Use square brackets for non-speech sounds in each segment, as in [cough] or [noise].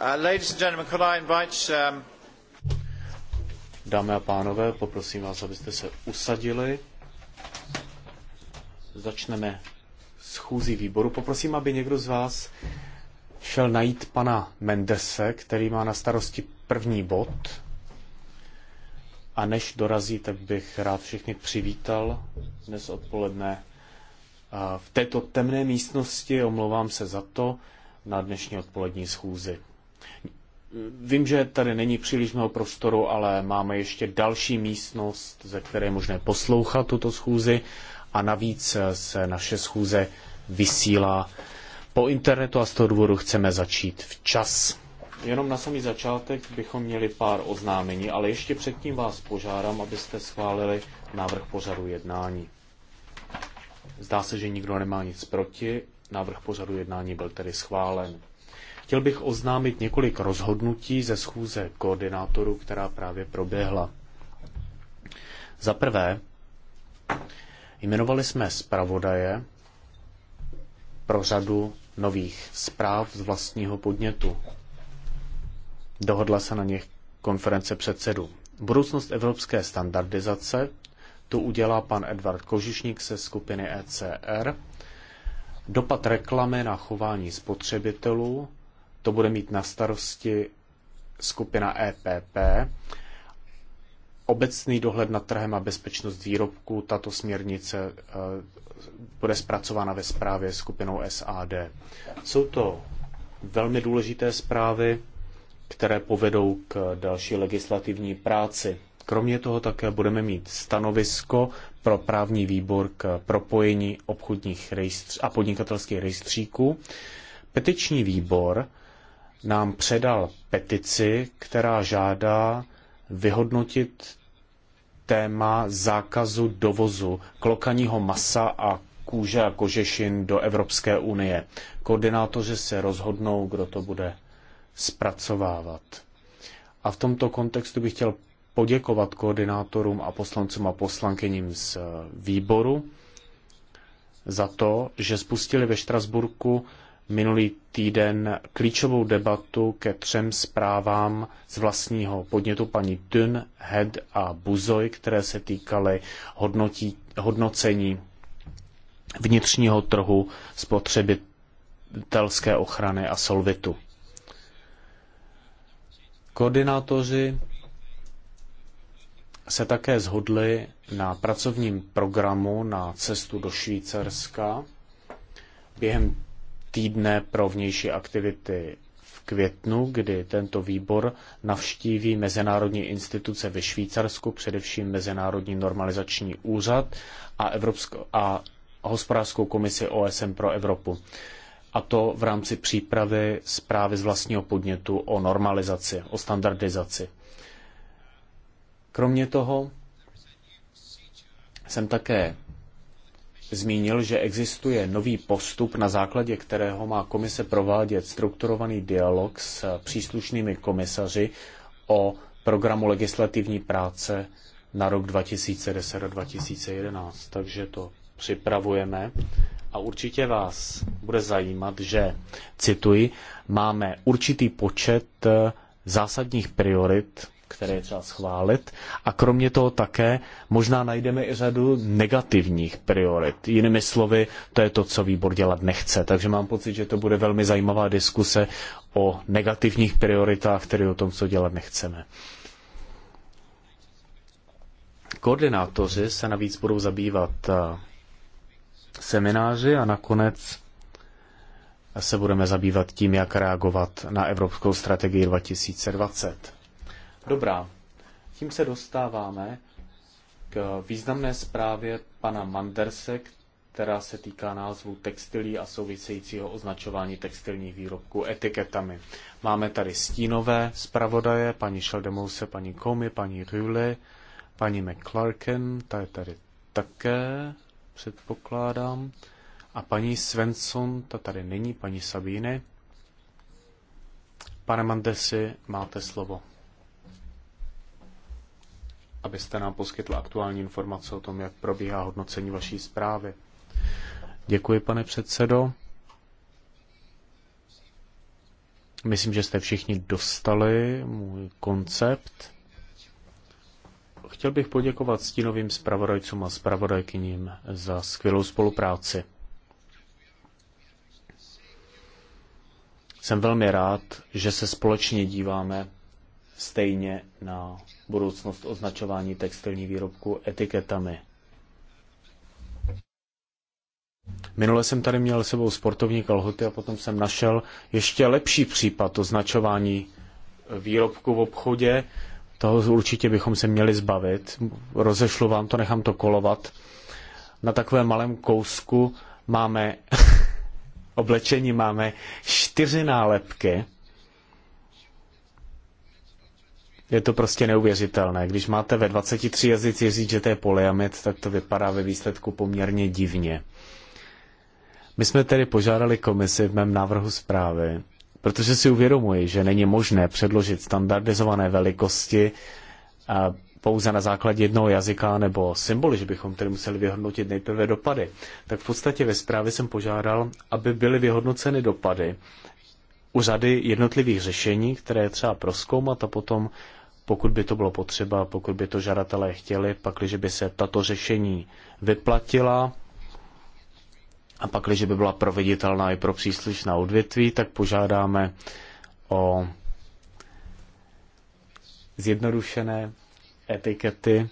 Uh, ladies and gentlemen, could I invite, um... Dámy a pánové, poprosím vás, abyste se usadili. Začneme schůzí výboru. Poprosím, aby někdo z vás šel najít pana Mendese, který má na starosti první bod. A než dorazí, tak bych rád všechny přivítal dnes odpoledne v této temné místnosti, omlouvám se za to, na dnešní odpolední schůzi. Vím, že tady není příliš mnoho prostoru, ale máme ještě další místnost, ze které je možné poslouchat tuto schůzi a navíc se naše schůze vysílá po internetu a z toho důvodu chceme začít včas. Jenom na samý začátek bychom měli pár oznámení, ale ještě předtím vás požádám, abyste schválili návrh pořadu jednání. Zdá se, že nikdo nemá nic proti. Návrh pořadu jednání byl tedy schválen. Chtěl bych oznámit několik rozhodnutí ze schůze koordinátorů, která právě proběhla. Za prvé, jmenovali jsme zpravodaje pro řadu nových zpráv z vlastního podnětu. Dohodla se na nich konference předsedů. Budoucnost evropské standardizace, tu udělá pan Edvard Kožišník ze skupiny ECR. Dopad reklamy na chování spotřebitelů, to bude mít na starosti skupina EPP. Obecný dohled nad trhem a bezpečnost výrobků, tato směrnice eh, bude zpracována ve zprávě skupinou SAD. Jsou to velmi důležité zprávy, které povedou k další legislativní práci. Kromě toho také budeme mít stanovisko pro právní výbor k propojení obchodních a podnikatelských rejstříků. Petiční výbor nám předal petici, která žádá vyhodnotit téma zákazu dovozu klokaního masa a kůže a kožešin do Evropské unie. Koordinátoři se rozhodnou, kdo to bude zpracovávat. A v tomto kontextu bych chtěl poděkovat koordinátorům a poslancům a poslankyním z eh, výboru za to, že spustili ve Štrasburku minulý týden klíčovou debatu ke třem zprávám z vlastního podnětu paní Dun, Head a Buzoj, které se týkaly hodnotí, hodnocení vnitřního trhu spotřebitelské ochrany a solvitu. Koordinátoři se také zhodli na pracovním programu na cestu do Švýcarska během týdne pro vnější aktivity v květnu, kdy tento výbor navštíví mezinárodní instituce ve Švýcarsku, především Mezinárodní normalizační úřad a, Evropskou, a hospodářskou komisi OSN pro Evropu. A to v rámci přípravy zprávy z vlastního podnětu o normalizaci, o standardizaci. Kromě toho jsem také zmínil, že existuje nový postup, na základě kterého má komise provádět strukturovaný dialog s příslušnými komisaři o programu legislativní práce na rok 2010 a 2011. Takže to připravujeme. A určitě vás bude zajímat, že, cituji, máme určitý počet eh, zásadních priorit, které je třeba schválit. A kromě toho také možná najdeme i řadu negativních priorit. Jinými slovy, to je to, co výbor dělat nechce. Takže mám pocit, že to bude velmi zajímavá diskuse o negativních prioritách, tedy o tom, co dělat nechceme. Koordinátoři se navíc budou zabývat eh, semináři a nakonec se budeme zabývat tím, jak reagovat na Evropskou strategii 2020. Dobrá, tím se dostáváme k významné zprávě pana Manderse, která se týká názvu textilí a souvisejícího označování textilních výrobků etiketami. Máme tady stínové zpravodaje, paní Šeldemouse, paní Komi, paní Rüle, paní McClarken, ta je tady také, předpokládám. A paní Svensson, ta tady není, paní Sabine. Pane Mandesi, máte slovo abyste nám poskytl aktuální informace o tom, jak probíhá hodnocení vaší zprávy. Děkuji, pane předsedo. Myslím, že jste všichni dostali můj koncept. Chtěl bych poděkovat stínovým zpravodajcům a zpravodajkyním za skvělou spolupráci. Jsem velmi rád, že se společně díváme stejně na budoucnost označování textilní výrobku etiketami. Minule jsem tady měl sebou sportovní kalhoty a potom jsem našel ještě lepší případ označování výrobku v obchodě. Toho určitě bychom se měli zbavit. Rozešlu vám to, nechám to kolovat. Na takovém malém kousku máme [laughs] oblečení máme čtyři nálepky Je to prostě neuvěřitelné. Když máte ve 23 jazycích říct, že to je polyamid, tak to vypadá ve výsledku poměrně divně. My jsme tedy požádali komisi v mém návrhu zprávy, protože si uvědomuji, že není možné předložit standardizované velikosti a pouze na základě jednoho jazyka nebo symboly, že bychom tedy museli vyhodnotit nejprve dopady. Tak v podstatě ve zprávě jsem požádal, aby byly vyhodnoceny dopady u řady jednotlivých řešení, které je třeba proskoumat a potom pokud by to bylo potřeba, pokud by to žadatelé chtěli, pakliže by se tato řešení vyplatila a pakliže by byla proveditelná i pro příslušná odvětví, tak požádáme o zjednodušené etikety,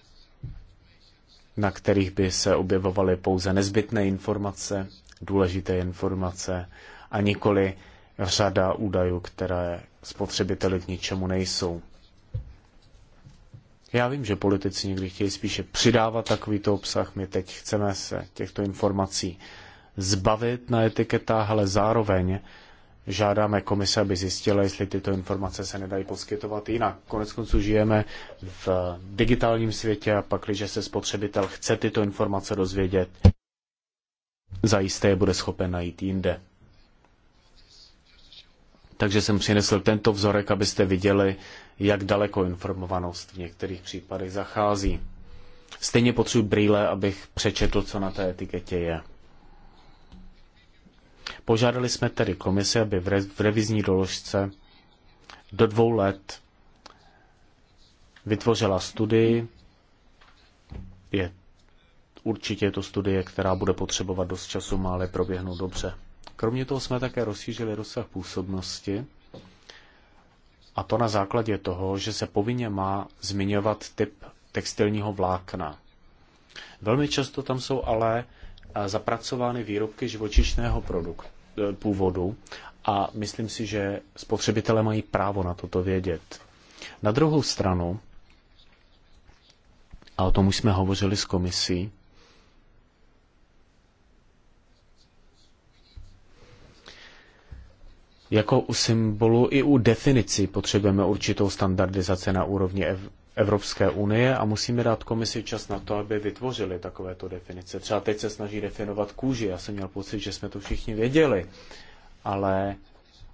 na kterých by se objevovaly pouze nezbytné informace, důležité informace a nikoli řada údajů, které spotřebiteli k ničemu nejsou. Já vím, že politici někdy chtějí spíše přidávat takovýto obsah. My teď chceme se těchto informací zbavit na etiketách, ale zároveň žádáme komise, aby zjistila, jestli tyto informace se nedají poskytovat jinak. Konec konců žijeme v digitálním světě a pak, když se spotřebitel chce tyto informace dozvědět, zajisté je bude schopen najít jinde. Takže jsem přinesl tento vzorek, abyste viděli, jak daleko informovanost v některých případech zachází. Stejně potřebuji brýle, abych přečetl, co na té etiketě je. Požádali jsme tedy komisi, aby v revizní doložce do dvou let vytvořila studii. Je, určitě je to studie, která bude potřebovat dost času, má ale proběhnout dobře. Kromě toho jsme také rozšířili rozsah působnosti a to na základě toho, že se povinně má zmiňovat typ textilního vlákna. Velmi často tam jsou ale e, zapracovány výrobky živočišného produktu, e, původu a myslím si, že spotřebitelé mají právo na toto vědět. Na druhou stranu, a o tom už jsme hovořili s komisí, Jako u symbolu i u definici potřebujeme určitou standardizaci na úrovni Evropské unie a musíme dát komisi čas na to, aby vytvořili takovéto definice. Třeba teď se snaží definovat kůži. Já jsem měl pocit, že jsme to všichni věděli, ale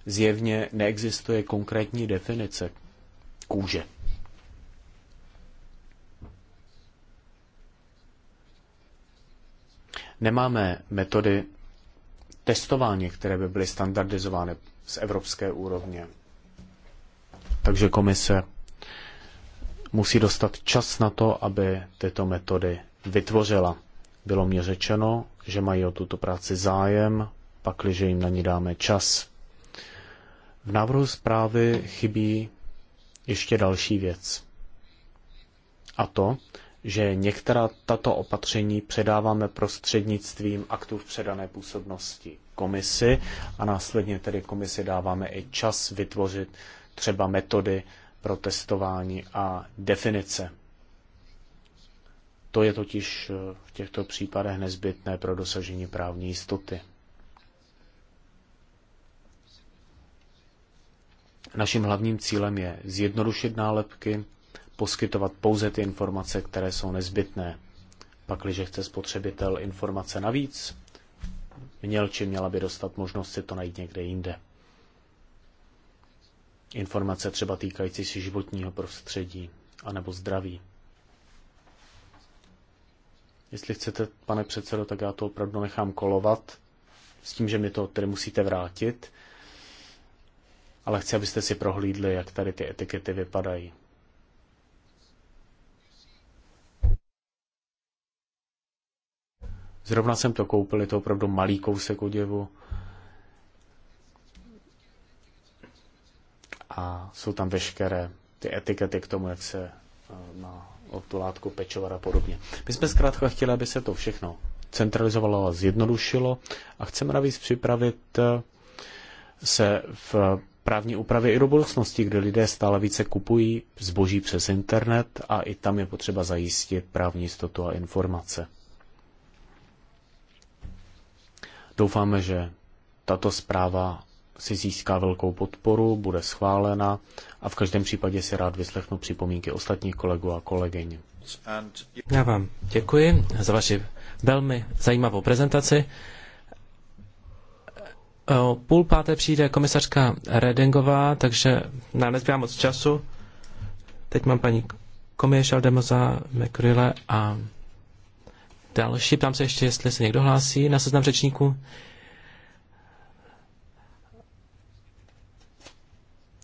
zjevně neexistuje konkrétní definice kůže. Nemáme metody testování, které by byly standardizovány z evropské úrovně. Takže komise musí dostat čas na to, aby tyto metody vytvořila. Bylo mě řečeno, že mají o tuto práci zájem, pakliže jim na ní dáme čas. V návrhu zprávy chybí ještě další věc. A to, že některá tato opatření předáváme prostřednictvím aktů v předané působnosti komisi a následně tedy komisi dáváme i čas vytvořit třeba metody pro testování a definice. To je totiž eh, v těchto případech nezbytné pro dosažení právní jistoty. Naším hlavním cílem je zjednodušit nálepky, poskytovat pouze ty informace, které jsou nezbytné. Pakliže chce spotřebitel informace navíc, měl či měla by dostat možnost si to najít někde jinde. Informace třeba týkající se životního prostředí anebo zdraví. Jestli chcete, pane předsedo, tak já to opravdu nechám kolovat, s tím, že mi to tedy musíte vrátit. Ale chci, abyste si prohlídli, jak tady ty etikety vypadají. Zrovna jsem to koupil, je to opravdu malý kousek oděvu. A jsou tam veškeré ty etikety k tomu, jak se má eh, o tu látku pečovat a podobně. My jsme zkrátka chtěli, aby se to všechno centralizovalo a zjednodušilo a chceme navíc připravit eh, se v právní úpravě i do budoucnosti, kde lidé stále více kupují zboží přes internet a i tam je potřeba zajistit právní jistotu a informace. Doufáme, že tato zpráva si získá velkou podporu, bude schválena a v každém případě si rád vyslechnu připomínky ostatních kolegů a kolegyň. Já vám děkuji za vaši velmi zajímavou prezentaci. O půl páté přijde komisařka Redingová, takže nám nezbývá moc času. Teď mám paní Komie Demoza, Mekrile a další. Ptám se ještě, jestli se někdo hlásí na seznam řečníků.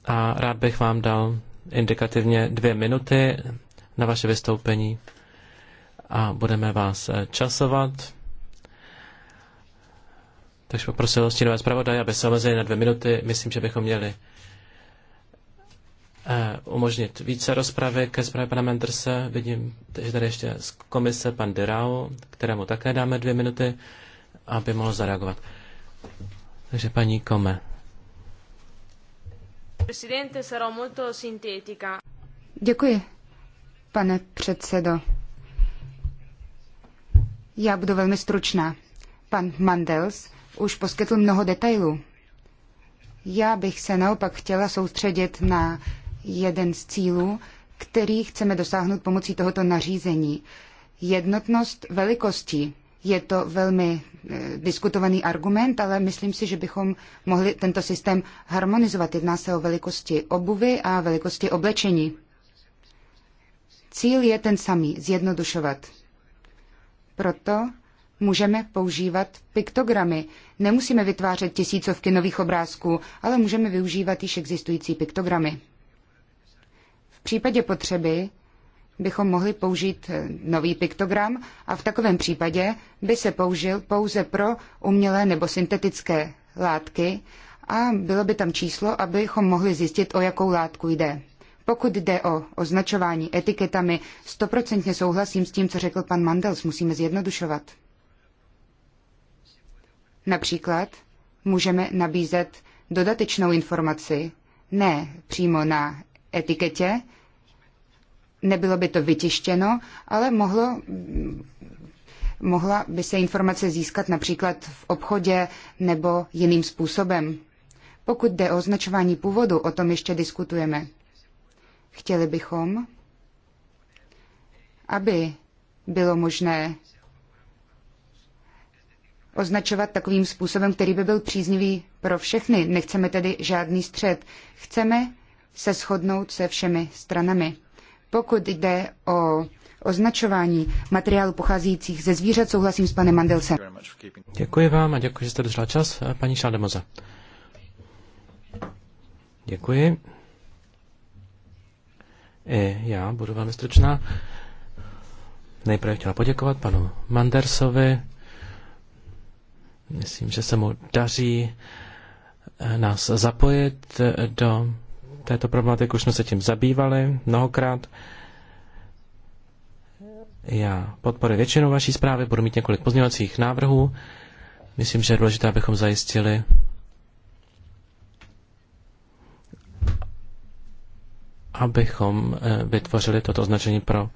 A rád bych vám dal indikativně dvě minuty na vaše vystoupení a budeme vás eh, časovat. Takže poprosil stínové zpravodaj, aby se omezili na dvě minuty. Myslím, že bychom měli Eh, umožnit více rozpravy ke zprávě pana Mendrse. Vidím, že tady ještě z komise pan Dirao, kterému také dáme dvě minuty, aby mohl zareagovat. Takže paní Kome. Děkuji, pane předsedo. Já budu velmi stručná. Pan Mandels už poskytl mnoho detailů. Já bych se naopak chtěla soustředit na jeden z cílů, který chceme dosáhnout pomocí tohoto nařízení. Jednotnost velikostí. Je to velmi e, diskutovaný argument, ale myslím si, že bychom mohli tento systém harmonizovat. Jedná se o velikosti obuvy a velikosti oblečení. Cíl je ten samý, zjednodušovat. Proto můžeme používat piktogramy. Nemusíme vytvářet tisícovky nových obrázků, ale můžeme využívat již existující piktogramy. V případě potřeby bychom mohli použít eh, nový piktogram a v takovém případě by se použil pouze pro umělé nebo syntetické látky a bylo by tam číslo, abychom mohli zjistit, o jakou látku jde. Pokud jde o označování etiketami, stoprocentně souhlasím s tím, co řekl pan Mandels, musíme zjednodušovat. Například můžeme nabízet dodatečnou informaci, ne přímo na etiketě. Nebylo by to vytištěno, ale mohlo, mohla by se informace získat například v obchodě nebo jiným způsobem. Pokud jde o označování původu, o tom ještě diskutujeme. Chtěli bychom, aby bylo možné označovat takovým způsobem, který by byl příznivý pro všechny. Nechceme tedy žádný střed. Chceme se shodnout se všemi stranami. Pokud jde o označování materiálu pocházejících ze zvířat, souhlasím s panem Mandelsem. Děkuji vám a děkuji, že jste čas. Paní Šaldemoza. Děkuji. I já budu velmi stručná. Nejprve chtěla poděkovat panu Mandersovi. Myslím, že se mu daří eh, nás zapojit eh, do této problematiky, už jsme se tím zabývali mnohokrát. Já podporuji většinu vaší zprávy, budu mít několik pozměňovacích návrhů. Myslím, že je důležité, abychom zajistili abychom eh, vytvořili toto označení pro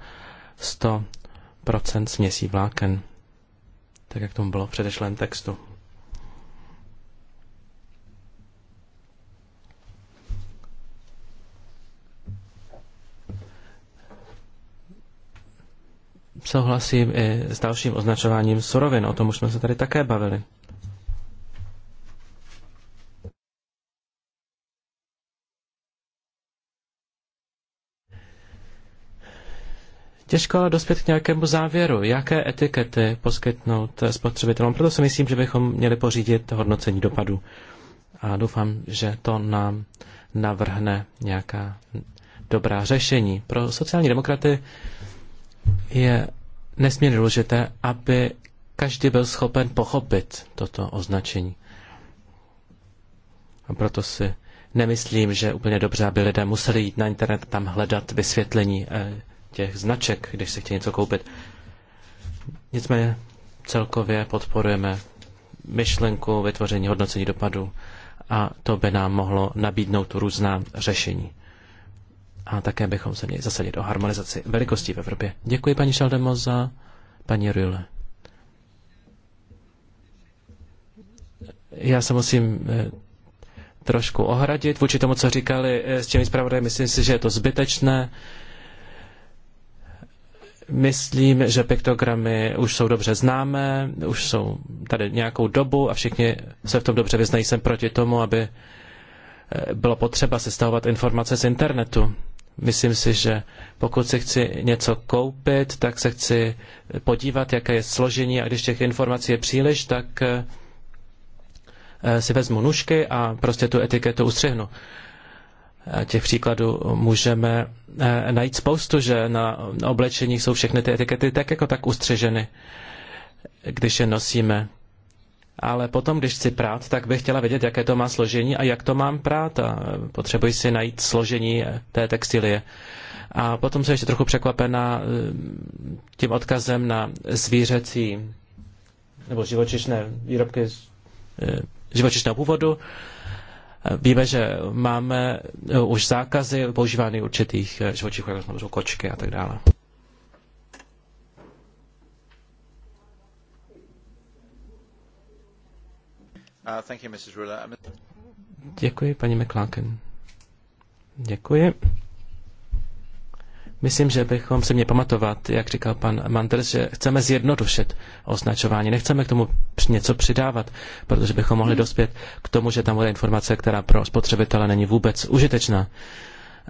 100% směsí vláken, tak jak tomu bylo v předešlém textu. Souhlasím i s dalším označováním surovin, o tom už jsme se tady také bavili. Těžko ale dospět k nějakému závěru, jaké etikety poskytnout spotřebitelům. Proto si myslím, že bychom měli pořídit hodnocení dopadu. A doufám, že to nám navrhne nějaká dobrá řešení. Pro sociální demokraty je nesmírně důležité, aby každý byl schopen pochopit toto označení. A proto si nemyslím, že úplně dobře, aby lidé museli jít na internet a tam hledat vysvětlení eh, těch značek, když se chtějí něco koupit. Nicméně celkově podporujeme myšlenku vytvoření hodnocení dopadu a to by nám mohlo nabídnout různá řešení a také bychom se měli zasadit o harmonizaci velikostí v Evropě. Děkuji paní Šaldemo za paní Rüle. Já se musím eh, trošku ohradit vůči tomu, co říkali eh, s těmi zpravodaji. Myslím si, že je to zbytečné. Myslím, že piktogramy už jsou dobře známé, už jsou tady nějakou dobu a všichni se v tom dobře vyznají. Jsem proti tomu, aby eh, bylo potřeba sestavovat informace z internetu. Myslím si, že pokud si chci něco koupit, tak se chci podívat, jaké je složení a když těch informací je příliš, tak eh, si vezmu nůžky a prostě tu etiketu ustřihnu. Těch příkladů můžeme eh, najít spoustu, že na oblečení jsou všechny ty etikety tak jako tak ustřiženy, když je nosíme ale potom, když chci prát, tak bych chtěla vědět, jaké to má složení a jak to mám prát. A potřebuji si najít složení té textilie. A potom jsem ještě trochu překvapena e, tím odkazem na zvířecí nebo živočišné výrobky e, živočišného původu. Víme, že máme e, už zákazy používání určitých živočichů, jako jsou kočky a tak dále. Uh, um, Děkuji, paní McLaren. Děkuji. Myslím, že bychom se měli pamatovat, jak říkal pan Manders, že chceme zjednodušit označování. Nechceme k tomu něco přidávat, protože bychom mohli dospět k tomu, že tam bude informace, která pro spotřebitele není vůbec užitečná.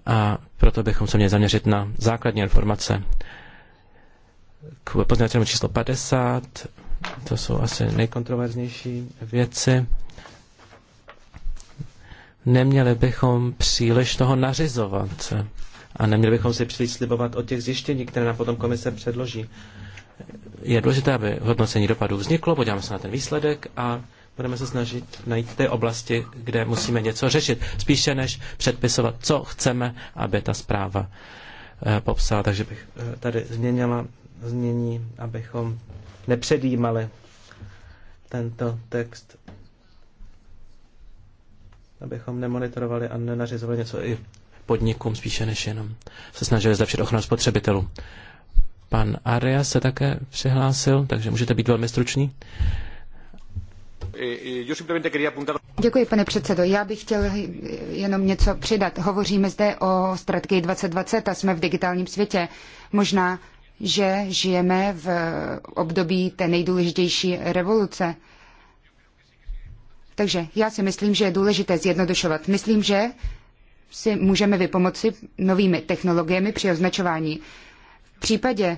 A proto bychom se měli zaměřit na základní informace. K pozměňovacímu číslo 50 to jsou asi nejkontroverznější věci. Neměli bychom příliš toho nařizovat a neměli bychom si příliš slibovat o těch zjištění, které nám potom komise předloží. Je důležité, aby hodnocení dopadů vzniklo, podíváme se na ten výsledek a budeme se snažit najít ty oblasti, kde musíme něco řešit, spíše než předpisovat, co chceme, aby ta zpráva eh, popsala. Takže bych eh, tady změnila znění, abychom nepředjímali tento text, abychom nemonitorovali a nenařizovali něco i podnikům spíše než jenom se snažili zlepšit ochranu spotřebitelů. Pan Arias se také přihlásil, takže můžete být velmi stručný. Děkuji, pane předsedo. Já bych chtěl jenom něco přidat. Hovoříme zde o strategii 2020 a jsme v digitálním světě. Možná že žijeme v období té nejdůležitější revoluce. Takže já si myslím, že je důležité zjednodušovat. Myslím, že si můžeme vypomoci novými technologiemi při označování. V případě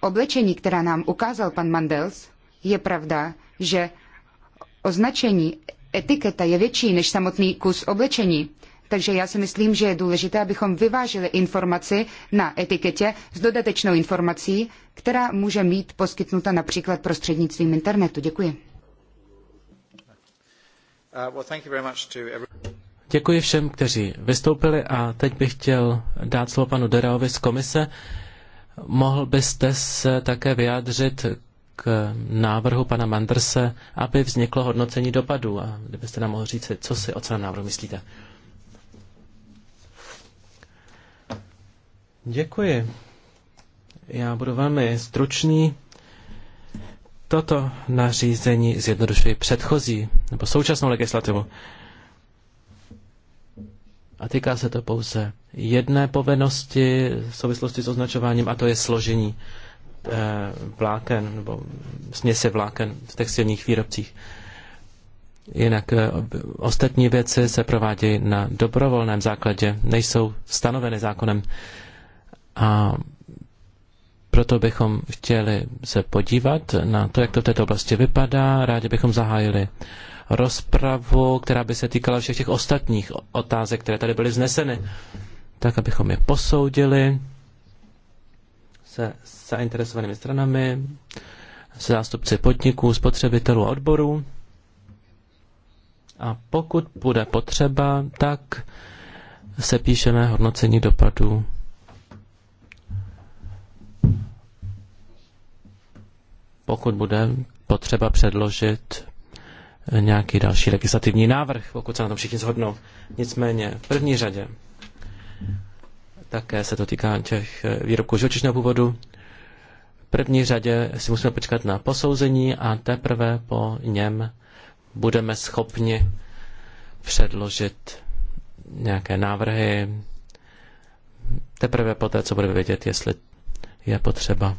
oblečení, která nám ukázal pan Mandels, je pravda, že označení etiketa je větší než samotný kus oblečení. Takže já si myslím, že je důležité, abychom vyvážili informaci na etiketě s dodatečnou informací, která může mít poskytnuta například prostřednictvím internetu. Děkuji. Uh, Děkuji všem, kteří vystoupili a teď bych chtěl dát slovo panu Deraovi z komise. Mohl byste se také vyjádřit k návrhu pana Mandrse, aby vzniklo hodnocení dopadů a kdybyste nám mohl říct, co si o celém návrhu myslíte. Děkuji. Já budu velmi stručný. Toto nařízení zjednodušuje předchozí nebo současnou legislativu. A týká se to pouze jedné povinnosti v souvislosti s označováním, a to je složení eh, vláken nebo směsi vláken v textilních výrobcích. Jinak eh, ostatní věci se provádějí na dobrovolném základě, nejsou stanoveny zákonem. A proto bychom chtěli se podívat na to, jak to v této oblasti vypadá. Rádi bychom zahájili rozpravu, která by se týkala všech těch ostatních otázek, které tady byly zneseny, tak abychom je posoudili se zainteresovanými stranami, se zástupci podniků, spotřebitelů a odborů. A pokud bude potřeba, tak se píšeme hodnocení dopadů pokud bude potřeba předložit nějaký další legislativní návrh, pokud se na tom všichni shodnou. Nicméně v první řadě také se to týká těch eh, výrobků živočišného původu. V první řadě si musíme počkat na posouzení a teprve po něm budeme schopni předložit nějaké návrhy. Teprve poté, co budeme vědět, jestli je potřeba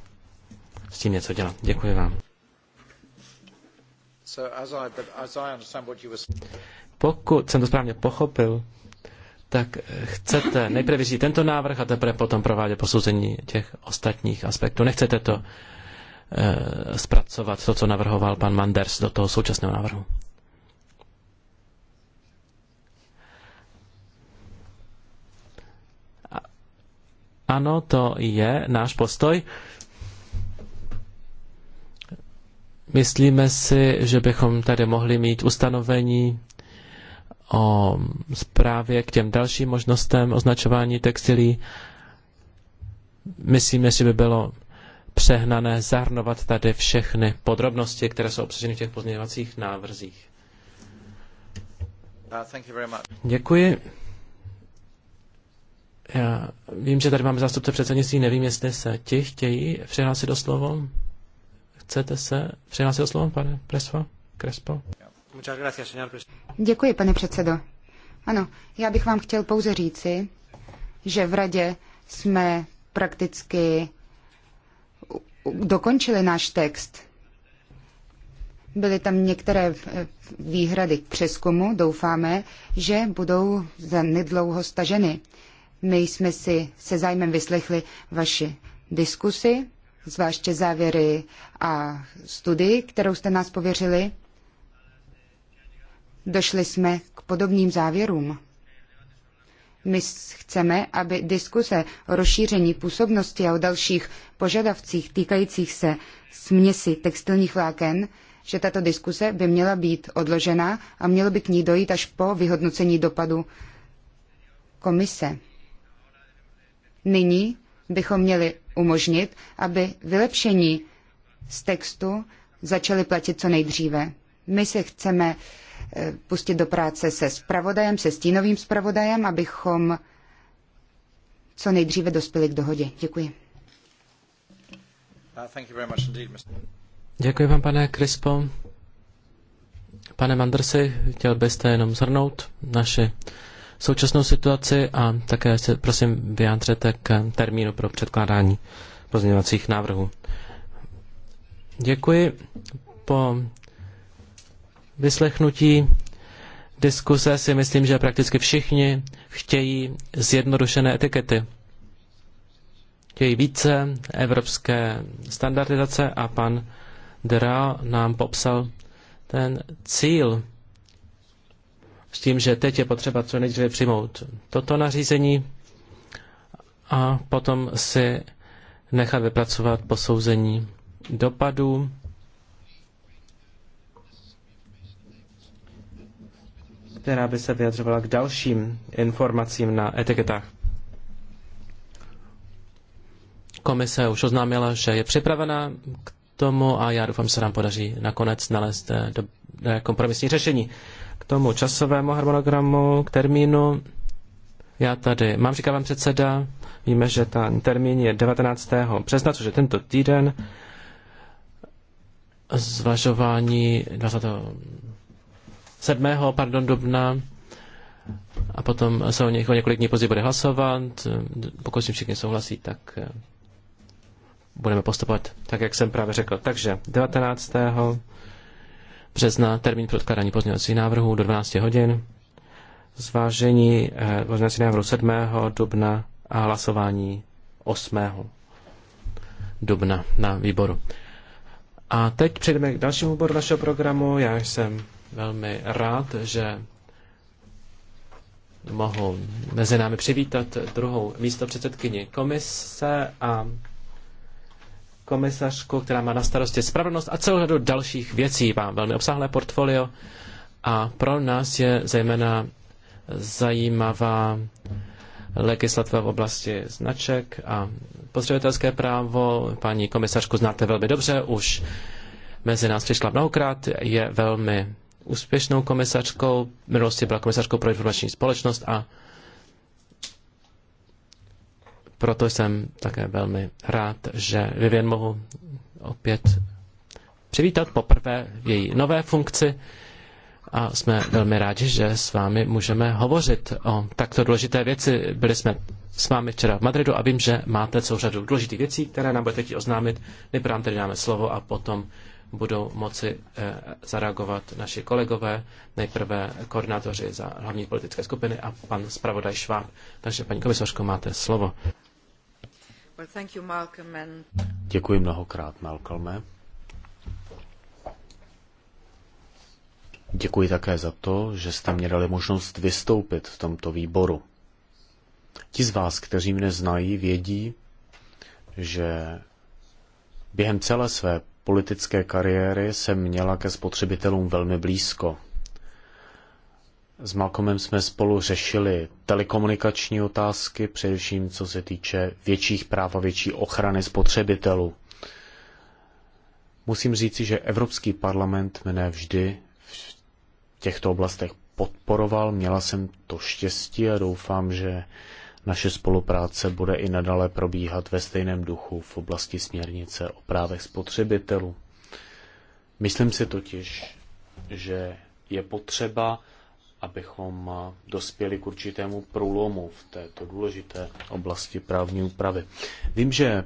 s tím něco dělat. Děkuji vám. Pokud jsem to správně pochopil, tak chcete nejprve vyřídit tento návrh a teprve potom provádět posouzení těch ostatních aspektů. Nechcete to e, zpracovat, to, co navrhoval pan Manders do toho současného návrhu. Ano, to je náš postoj. Myslíme si, že bychom tady mohli mít ustanovení o zprávě k těm dalším možnostem označování textilí. Myslíme, že by bylo přehnané zahrnovat tady všechny podrobnosti, které jsou obsaženy v těch pozměňovacích návrzích. Uh, Děkuji. Já vím, že tady máme zástupce předsednictví, nevím, jestli se ti chtějí přihlásit do slovo. Chcete se přihlásit slovo, pane Presvo? Krespo? Děkuji, pane předsedo. Ano, já bych vám chtěl pouze říci, že v radě jsme prakticky dokončili náš text. Byly tam některé výhrady k přeskumu, doufáme, že budou za nedlouho staženy. My jsme si se zájmem vyslechli vaši diskusi zvláště závěry a studii, kterou jste nás pověřili, došli jsme k podobným závěrům. My chceme, aby diskuse o rozšíření působnosti a o dalších požadavcích týkajících se směsi textilních vláken, že tato diskuse by měla být odložena a mělo by k ní dojít až po vyhodnocení dopadu komise. Nyní bychom měli umožnit, aby vylepšení z textu začaly platit co nejdříve. My se chceme eh, pustit do práce se spravodajem, se stínovým spravodajem, abychom co nejdříve dospěli k dohodě. Děkuji. Uh, Děkuji vám, pane Krispo. Pane Mandersi, chtěl byste jenom zhrnout naše současnou situaci a také se prosím vyjádřete k termínu pro předkládání pozměňovacích návrhů. Děkuji. Po vyslechnutí diskuse si myslím, že prakticky všichni chtějí zjednodušené etikety. Chtějí více evropské standardizace a pan Dera nám popsal ten cíl s tím, že teď je potřeba co nejdříve přijmout toto nařízení a potom si nechat vypracovat posouzení dopadů. která by se vyjadřovala k dalším informacím na etiketách. Komise už oznámila, že je připravena k tomu a já doufám, že se nám podaří nakonec nalézt eh, do, do eh, kompromisní řešení. K tomu časovému harmonogramu, k termínu, já tady mám, říká vám předseda, víme, že ten termín je 19. března, což je tento týden, zvažování 27. Pardon, dubna a potom se o nich o několik dní později bude hlasovat. Pokud si všichni souhlasí, tak eh, budeme postupovat tak, jak jsem právě řekl. Takže 19 března, termín předkládání pozměňovacích návrhů do 12 hodin, zvážení eh, pozměňovacích návrhů 7. dubna a hlasování 8. dubna na výboru. A teď přejdeme k dalšímu bodu našeho programu. Já jsem velmi rád, že mohu mezi námi přivítat druhou místo předsedkyni komise a komisařku, která má na starosti spravedlnost a celou řadu dalších věcí. Má velmi obsáhlé portfolio a pro nás je zejména zajímavá legislativa v oblasti značek a pozřebitelské právo. Paní komisařku znáte velmi dobře, už mezi nás přišla mnohokrát, je velmi úspěšnou komisařkou, v minulosti byla komisařkou pro informační společnost a proto jsem také velmi rád, že Vivian mohu opět přivítat poprvé v její nové funkci a jsme velmi rádi, že s vámi můžeme hovořit o takto důležité věci. Byli jsme s vámi včera v Madridu a vím, že máte celou řadu důležitých věcí, které nám budete chtít oznámit. Nejprve nám tedy dáme slovo a potom budou moci eh, zareagovat naši kolegové, nejprve koordinátoři za hlavní politické skupiny a pan zpravodaj Šváb. Takže paní komisařko, máte slovo. Děkuji mnohokrát, Malcolme. Děkuji také za to, že jste mě dali možnost vystoupit v tomto výboru. Ti z vás, kteří mne znají, vědí, že během celé své politické kariéry jsem měla ke spotřebitelům velmi blízko. S Malcolmem jsme spolu řešili telekomunikační otázky, především co se týče větších práv a větší ochrany spotřebitelů. Musím říci, že Evropský parlament mne vždy v těchto oblastech podporoval. Měla jsem to štěstí a doufám, že naše spolupráce bude i nadále probíhat ve stejném duchu v oblasti směrnice o právech spotřebitelů. Myslím si totiž, že je potřeba abychom dospěli k určitému průlomu v této důležité oblasti právní úpravy. Vím, že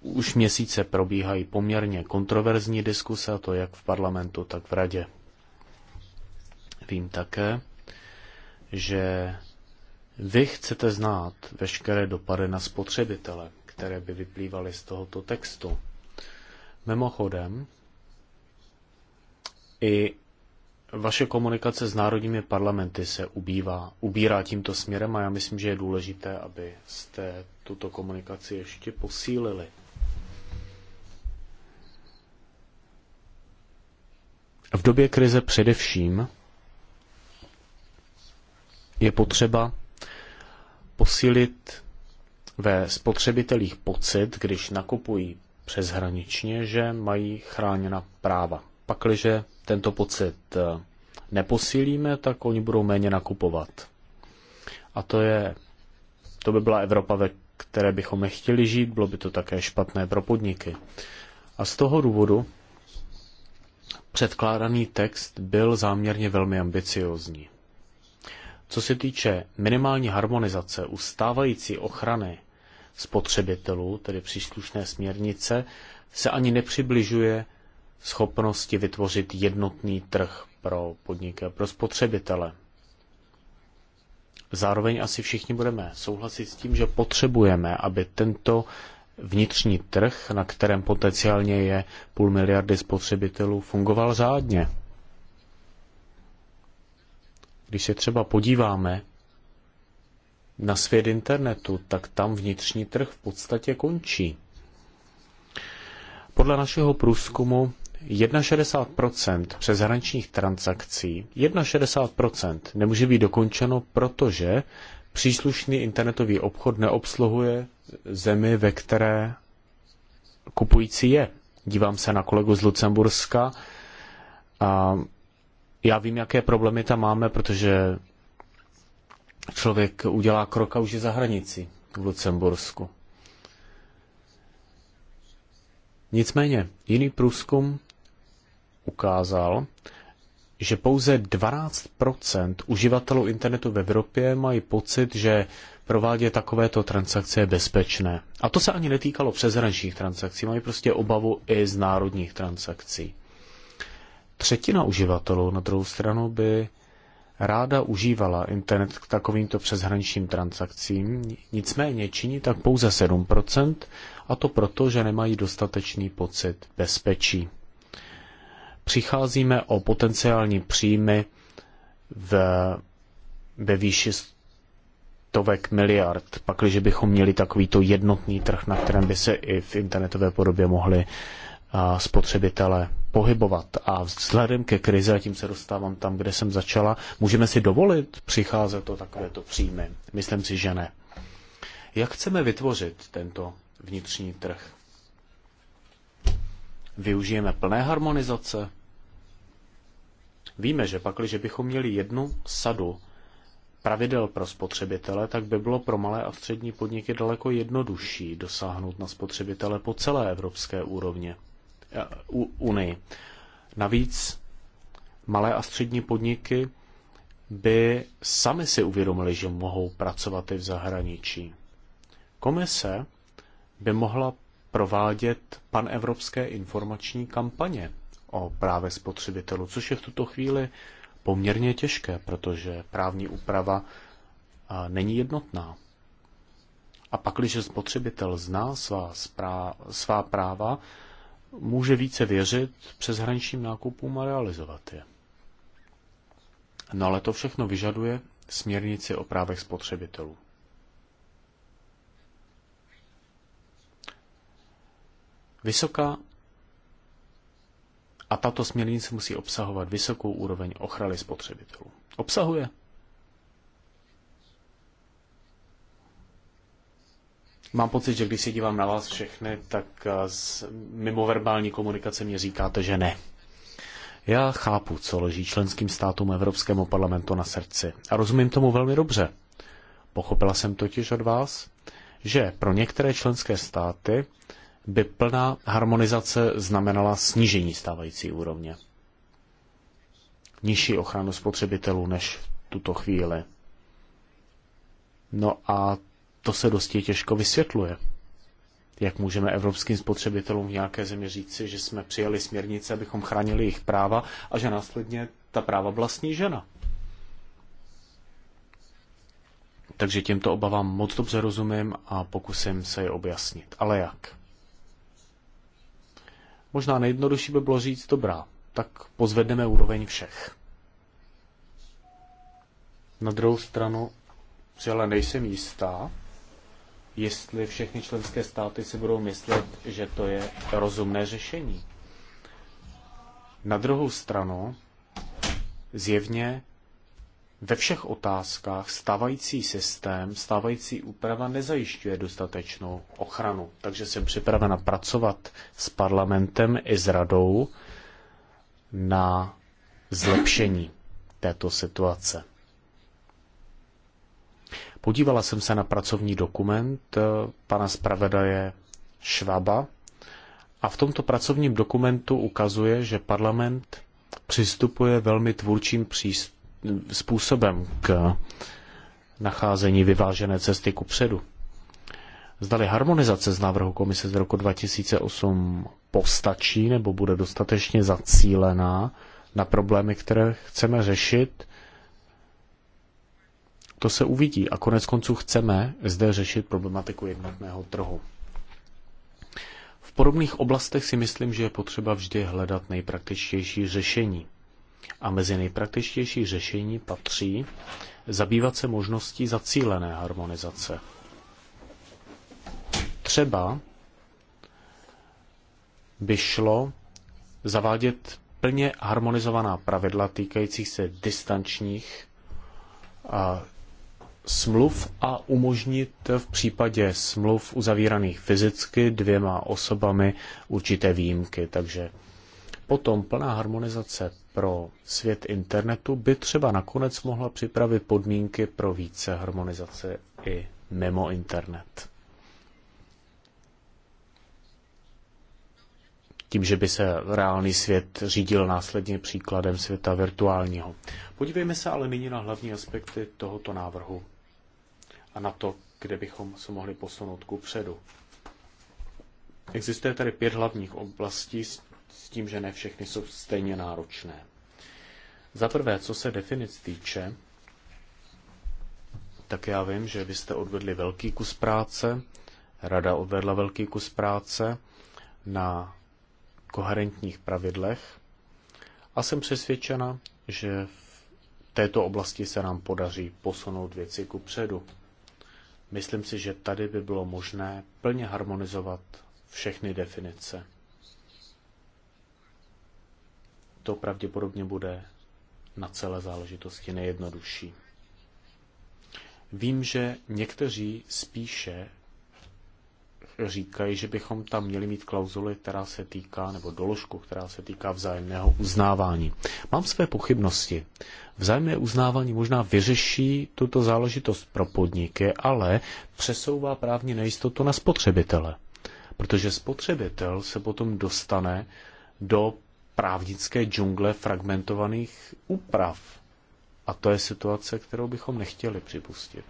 už měsíce probíhají poměrně kontroverzní diskuse, a to jak v parlamentu, tak v radě. Vím také, že vy chcete znát veškeré dopady na spotřebitele, které by vyplývaly z tohoto textu. Mimochodem, i vaše komunikace s národními parlamenty se ubývá, ubírá tímto směrem a já myslím, že je důležité, abyste tuto komunikaci ještě posílili. V době krize především je potřeba posílit ve spotřebitelích pocit, když nakupují přeshraničně, že mají chráněna práva. Pakliže tento pocit eh, neposílíme, tak oni budou méně nakupovat. A to je, to by byla Evropa, ve které bychom nechtěli žít, bylo by to také špatné pro podniky. A z toho důvodu předkládaný text byl záměrně velmi ambiciozní. Co se týče minimální harmonizace stávající ochrany spotřebitelů, tedy příslušné směrnice, se ani nepřibližuje schopnosti vytvořit jednotný trh pro podniky a pro spotřebitele. Zároveň asi všichni budeme souhlasit s tím, že potřebujeme, aby tento vnitřní trh, na kterém potenciálně je půl miliardy spotřebitelů, fungoval řádně. Když se třeba podíváme na svět internetu, tak tam vnitřní trh v podstatě končí. Podle našeho průzkumu 61% přeshraničních transakcí, 61% nemůže být dokončeno, protože příslušný internetový obchod neobsluhuje zemi, ve které kupující je. Dívám se na kolegu z Lucemburska. A já vím, jaké problémy tam máme, protože člověk udělá krok a už je za hranicí v Lucembursku. Nicméně, jiný průzkum ukázal, že pouze 12 uživatelů internetu v Evropě mají pocit, že provádět takovéto transakce je bezpečné. A to se ani netýkalo přeshraničních transakcí, mají prostě obavu i z národních transakcí. Třetina uživatelů na druhou stranu by ráda užívala internet k takovýmto přeshraničním transakcím, nicméně činí tak pouze 7%, a to proto, že nemají dostatečný pocit bezpečí přicházíme o potenciální příjmy v, ve výši stovek miliard, pakliže bychom měli takovýto jednotný trh, na kterém by se i v internetové podobě mohli spotřebitele pohybovat. A vzhledem ke krizi, a tím se dostávám tam, kde jsem začala, můžeme si dovolit přicházet o takovéto příjmy? Myslím si, že ne. Jak chceme vytvořit tento vnitřní trh? využijeme plné harmonizace? Víme, že když bychom měli jednu sadu pravidel pro spotřebitele, tak by bylo pro malé a střední podniky daleko jednodušší dosáhnout na spotřebitele po celé evropské úrovně, eh, u, unii. Navíc malé a střední podniky by sami si uvědomili, že mohou pracovat i v zahraničí. Komise by mohla provádět panevropské informační kampaně o právě spotřebitelů, což je v tuto chvíli poměrně těžké, protože právní úprava není jednotná. A pak, když spotřebitel zná svá, správ, svá práva, může více věřit přeshraničním nákupům a realizovat je. No ale to všechno vyžaduje směrnici o právech spotřebitelů. vysoká a tato směrnice musí obsahovat vysokou úroveň ochrany spotřebitelů. Obsahuje. Mám pocit, že když se dívám na vás všechny, tak eh, z mimoverbální komunikace mě říkáte, že ne. Já chápu, co leží členským státům Evropskému parlamentu na srdci a rozumím tomu velmi dobře. Pochopila jsem totiž od vás, že pro některé členské státy by plná harmonizace znamenala snížení stávající úrovně. Nižší ochranu spotřebitelů než v tuto chvíli. No a to se dosti těžko vysvětluje. Jak můžeme evropským spotřebitelům v nějaké zemi říci, že jsme přijali směrnice, abychom chránili jejich práva a že následně ta práva byla snížena? Takže těmto obavám moc dobře rozumím a pokusím se je objasnit. Ale jak? Možná nejjednodušší by bylo říct, dobrá, tak pozvedneme úroveň všech. Na druhou stranu si ale nejsem jistá, jestli všechny členské státy si budou myslet, že to je rozumné řešení. Na druhou stranu, zjevně ve všech otázkách stávající systém, stávající úprava nezajišťuje dostatečnou ochranu. Takže jsem připravena pracovat s parlamentem i s radou na zlepšení této situace. Podívala jsem se na pracovní dokument eh, pana zpravodaje Švaba a v tomto pracovním dokumentu ukazuje, že parlament přistupuje velmi tvůrčím přístupem způsobem k nacházení vyvážené cesty ku předu. Zdali harmonizace z návrhu komise z roku 2008 postačí nebo bude dostatečně zacílená na problémy, které chceme řešit, to se uvidí. A konec konců chceme zde řešit problematiku jednotného trhu. V podobných oblastech si myslím, že je potřeba vždy hledat nejpraktičtější řešení. A mezi nejpraktičtější řešení patří zabývat se možností zacílené harmonizace. Třeba by šlo zavádět plně harmonizovaná pravidla týkající se distančních a smluv a umožnit v případě smluv uzavíraných fyzicky dvěma osobami určité výjimky. Takže potom plná harmonizace pro svět internetu by třeba nakonec mohla připravit podmínky pro více harmonizace i mimo internet. Tím, že by se reálný svět řídil následně příkladem světa virtuálního. Podívejme se ale nyní na hlavní aspekty tohoto návrhu a na to, kde bychom se mohli posunout ku předu. Existuje tady pět hlavních oblastí, s tím, že ne všechny jsou stejně náročné. Za prvé, co se definic týče, tak já vím, že vy jste odvedli velký kus práce, rada odvedla velký kus práce na koherentních pravidlech a jsem přesvědčena, že v této oblasti se nám podaří posunout věci ku předu. Myslím si, že tady by bylo možné plně harmonizovat všechny definice. to pravděpodobně bude na celé záležitosti nejjednodušší. Vím, že někteří spíše říkají, že bychom tam měli mít klauzuly, která se týká, nebo doložku, která se týká vzájemného uznávání. Mám své pochybnosti. Vzájemné uznávání možná vyřeší tuto záležitost pro podniky, ale přesouvá právní nejistotu na spotřebitele. Protože spotřebitel se potom dostane do právnické džungle fragmentovaných úprav. A to je situace, kterou bychom nechtěli připustit.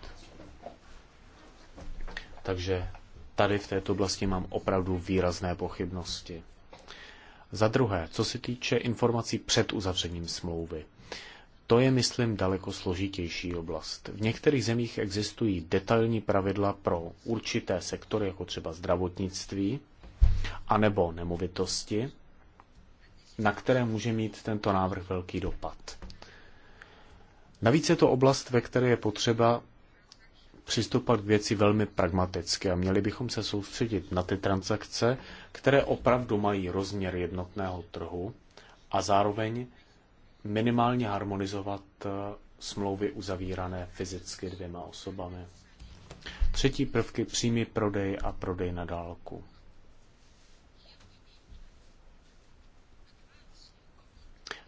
Takže tady v této oblasti mám opravdu výrazné pochybnosti. Za druhé, co se týče informací před uzavřením smlouvy. To je, myslím, daleko složitější oblast. V některých zemích existují detailní pravidla pro určité sektory, jako třeba zdravotnictví, anebo nemovitosti, na které může mít tento návrh velký dopad. Navíc je to oblast, ve které je potřeba přistupovat k věci velmi pragmaticky a měli bychom se soustředit na ty transakce, které opravdu mají rozměr jednotného trhu a zároveň minimálně harmonizovat eh, smlouvy uzavírané fyzicky dvěma osobami. Třetí prvky přímý prodej a prodej na dálku.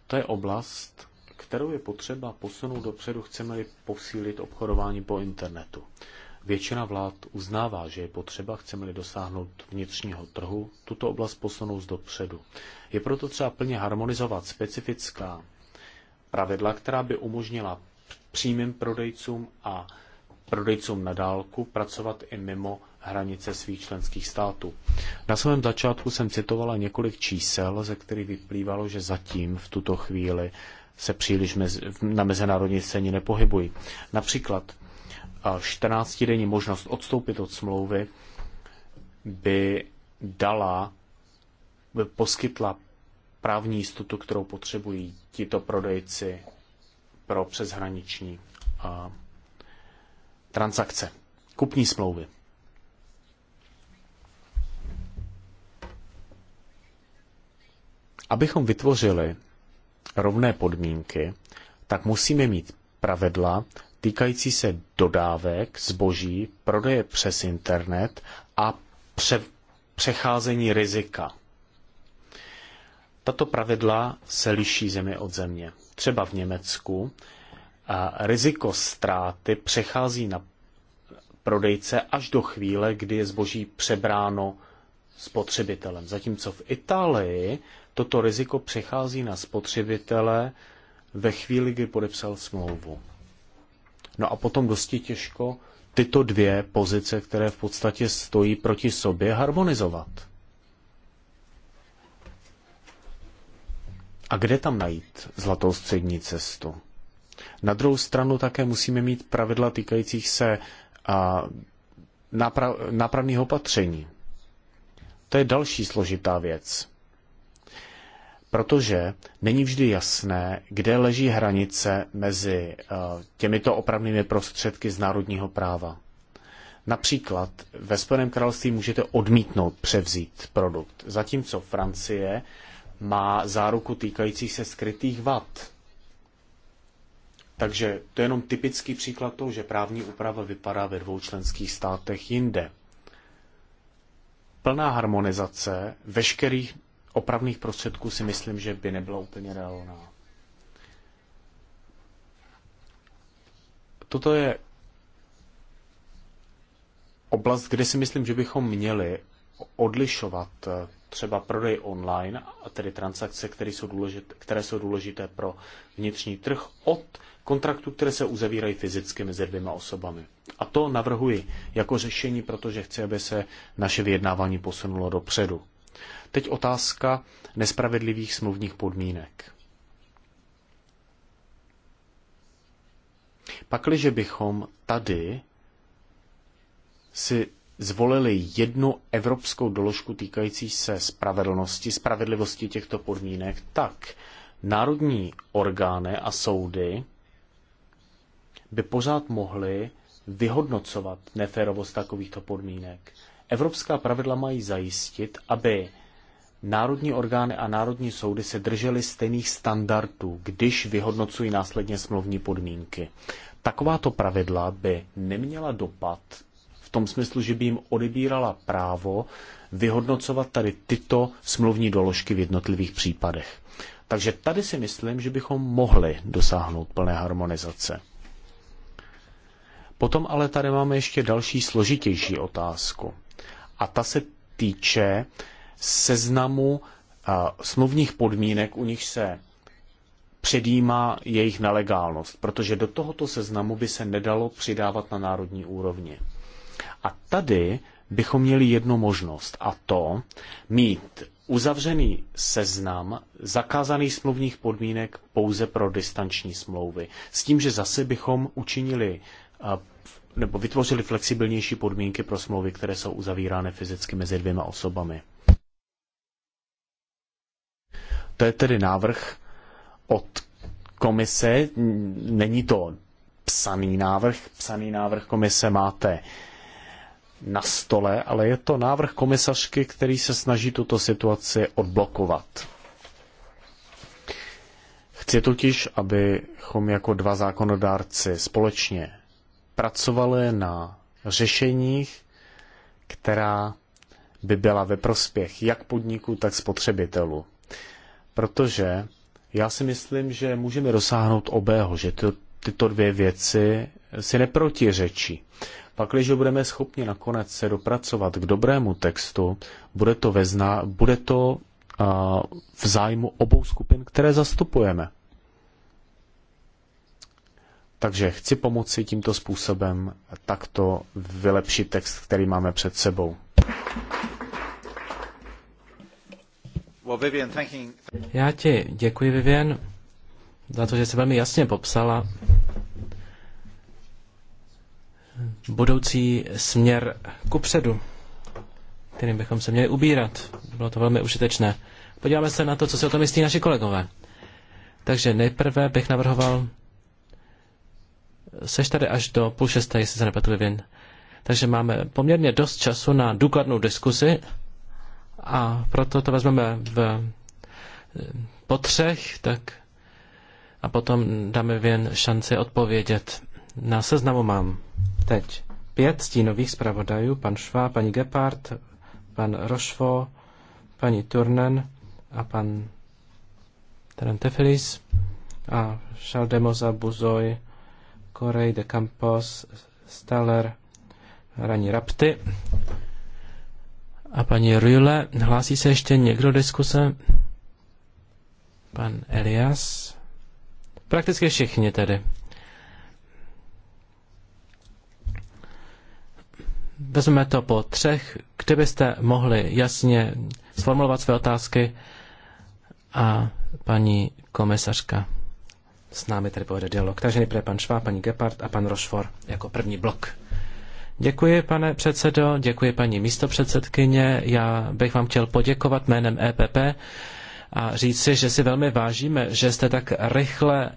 To je oblast, kterou je potřeba posunout dopředu, chceme-li posílit obchodování po internetu. Většina vlád uznává, že je potřeba, chceme-li dosáhnout vnitřního trhu, tuto oblast posunout dopředu. Je proto třeba plně harmonizovat specifická pravidla, která by umožnila přímým prodejcům a prodejcům na dálku pracovat i mimo hranice svých členských států. Na svém začátku jsem citovala několik čísel, ze kterých vyplývalo, že zatím v tuto chvíli se příliš mezi, na mezinárodní scéně nepohybují. Například 14-denní možnost odstoupit od smlouvy by dala, by poskytla právní jistotu, kterou potřebují tito prodejci pro přeshraniční transakce, kupní smlouvy. Abychom vytvořili rovné podmínky, tak musíme mít pravidla týkající se dodávek, zboží, prodeje přes internet a pře- přecházení rizika. Tato pravidla se liší zemi od země. Třeba v Německu a riziko ztráty přechází na prodejce až do chvíle, kdy je zboží přebráno spotřebitelem. Zatímco v Itálii toto riziko přechází na spotřebitele ve chvíli, kdy podepsal smlouvu. No a potom dosti těžko tyto dvě pozice, které v podstatě stojí proti sobě, harmonizovat. A kde tam najít zlatou střední cestu? Na druhou stranu také musíme mít pravidla týkajících se a, náprav, opatření. To je další složitá věc protože není vždy jasné, kde leží hranice mezi eh, těmito opravnými prostředky z národního práva. Například ve Spojeném království můžete odmítnout převzít produkt, zatímco Francie má záruku týkající se skrytých vad. Takže to je jenom typický příklad toho, že právní úprava vypadá ve dvou členských státech jinde. Plná harmonizace veškerých opravných prostředků si myslím, že by nebyla úplně reálná. Toto je oblast, kde si myslím, že bychom měli odlišovat eh, třeba prodej online, a tedy transakce, které jsou, důležité, které jsou důležité pro vnitřní trh, od kontraktů, které se uzavírají fyzicky mezi dvěma osobami. A to navrhuji jako řešení, protože chci, aby se naše vyjednávání posunulo dopředu. Teď otázka nespravedlivých smluvních podmínek. Pakliže bychom tady si zvolili jednu evropskou doložku týkající se spravedlnosti, spravedlivosti těchto podmínek, tak národní orgány a soudy by pořád mohly vyhodnocovat neférovost takovýchto podmínek. Evropská pravidla mají zajistit, aby národní orgány a národní soudy se držely stejných standardů, když vyhodnocují následně smluvní podmínky. Takováto pravidla by neměla dopad v tom smyslu, že by jim odebírala právo vyhodnocovat tady tyto smluvní doložky v jednotlivých případech. Takže tady si myslím, že bychom mohli dosáhnout plné harmonizace. Potom ale tady máme ještě další složitější otázku. A ta se týče seznamu smluvních podmínek, u nich se předjímá jejich nelegálnost, protože do tohoto seznamu by se nedalo přidávat na národní úrovni. A tady bychom měli jednu možnost, a to mít uzavřený seznam zakázaných smluvních podmínek pouze pro distanční smlouvy. S tím, že zase bychom učinili nebo vytvořili flexibilnější podmínky pro smlouvy, které jsou uzavírány fyzicky mezi dvěma osobami. To je tedy návrh od komise, není to psaný návrh, psaný návrh komise máte na stole, ale je to návrh komisařky, který se snaží tuto situaci odblokovat. Chci totiž, abychom jako dva zákonodárci společně pracovali na řešeních, která by byla ve prospěch jak podniku, tak spotřebitelů protože já si myslím, že můžeme dosáhnout obého, že to, tyto dvě věci si neprotiřečí. když budeme schopni nakonec se dopracovat k dobrému textu, bude to, ve zna, bude to a, v zájmu obou skupin, které zastupujeme. Takže chci pomoci tímto způsobem takto vylepšit text, který máme před sebou. Já ti děkuji, Vivian, za to, že jsi velmi jasně popsala budoucí směr kupředu, kterým bychom se měli ubírat. Bylo to velmi užitečné. Podíváme se na to, co si o tom myslí naši kolegové. Takže nejprve bych navrhoval, seš tady až do půl šesté, jestli se nepletu, Vivian. Takže máme poměrně dost času na důkladnou diskusi a proto to vezmeme v, po třech, tak a potom dáme věn šanci odpovědět. Na seznamu mám teď pět stínových zpravodajů, pan Švá, paní Gepard, pan Rošvo, paní Turnen a pan Tarantefelis a Šaldemoza Buzoj, Korej de Campos, Staller, Rani Rapty. A paní Rüle, hlásí se ještě někdo diskuse? Pan Elias? Prakticky všichni tedy. Vezmeme to po třech. Kdybyste mohli jasně sformulovat své otázky a paní komisařka s námi tady povede dialog. Takže nejprve pan Švá, paní Gepard a pan Rošfor jako první blok. Děkuji, pane předsedo, děkuji, paní místopředsedkyně. Já bych vám chtěl poděkovat jménem EPP a říct si, že si velmi vážíme, že jste tak rychle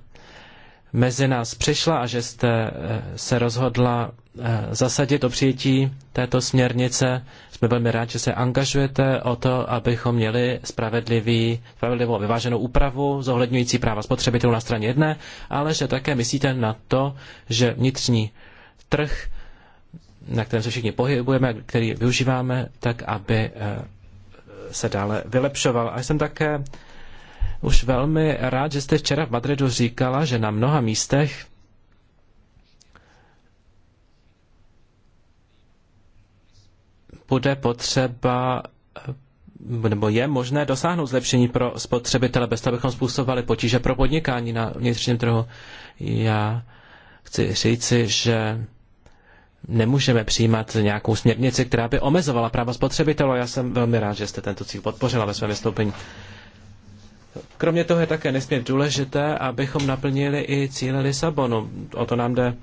mezi nás přišla a že jste eh, se rozhodla eh, zasadit o přijetí této směrnice. Jsme velmi rádi, že se angažujete o to, abychom měli spravedlivý, spravedlivou vyváženou úpravu zohledňující práva spotřebitelů na straně jedné, ale že také myslíte na to, že vnitřní trh na kterém se všichni pohybujeme, který využíváme, tak aby eh, se dále vylepšoval. A jsem také už velmi rád, že jste včera v Madridu říkala, že na mnoha místech bude potřeba eh, nebo je možné dosáhnout zlepšení pro spotřebitele bez toho, bychom způsobovali potíže pro podnikání na vnitřním trhu. Já chci říci, že nemůžeme přijímat nějakou směrnici, která by omezovala práva spotřebitelů. Já jsem velmi rád, že jste tento cíl podpořila ve svém vystoupení. Kromě toho je také nesmírně důležité, abychom naplnili i cíle Lisabonu. O to nám jde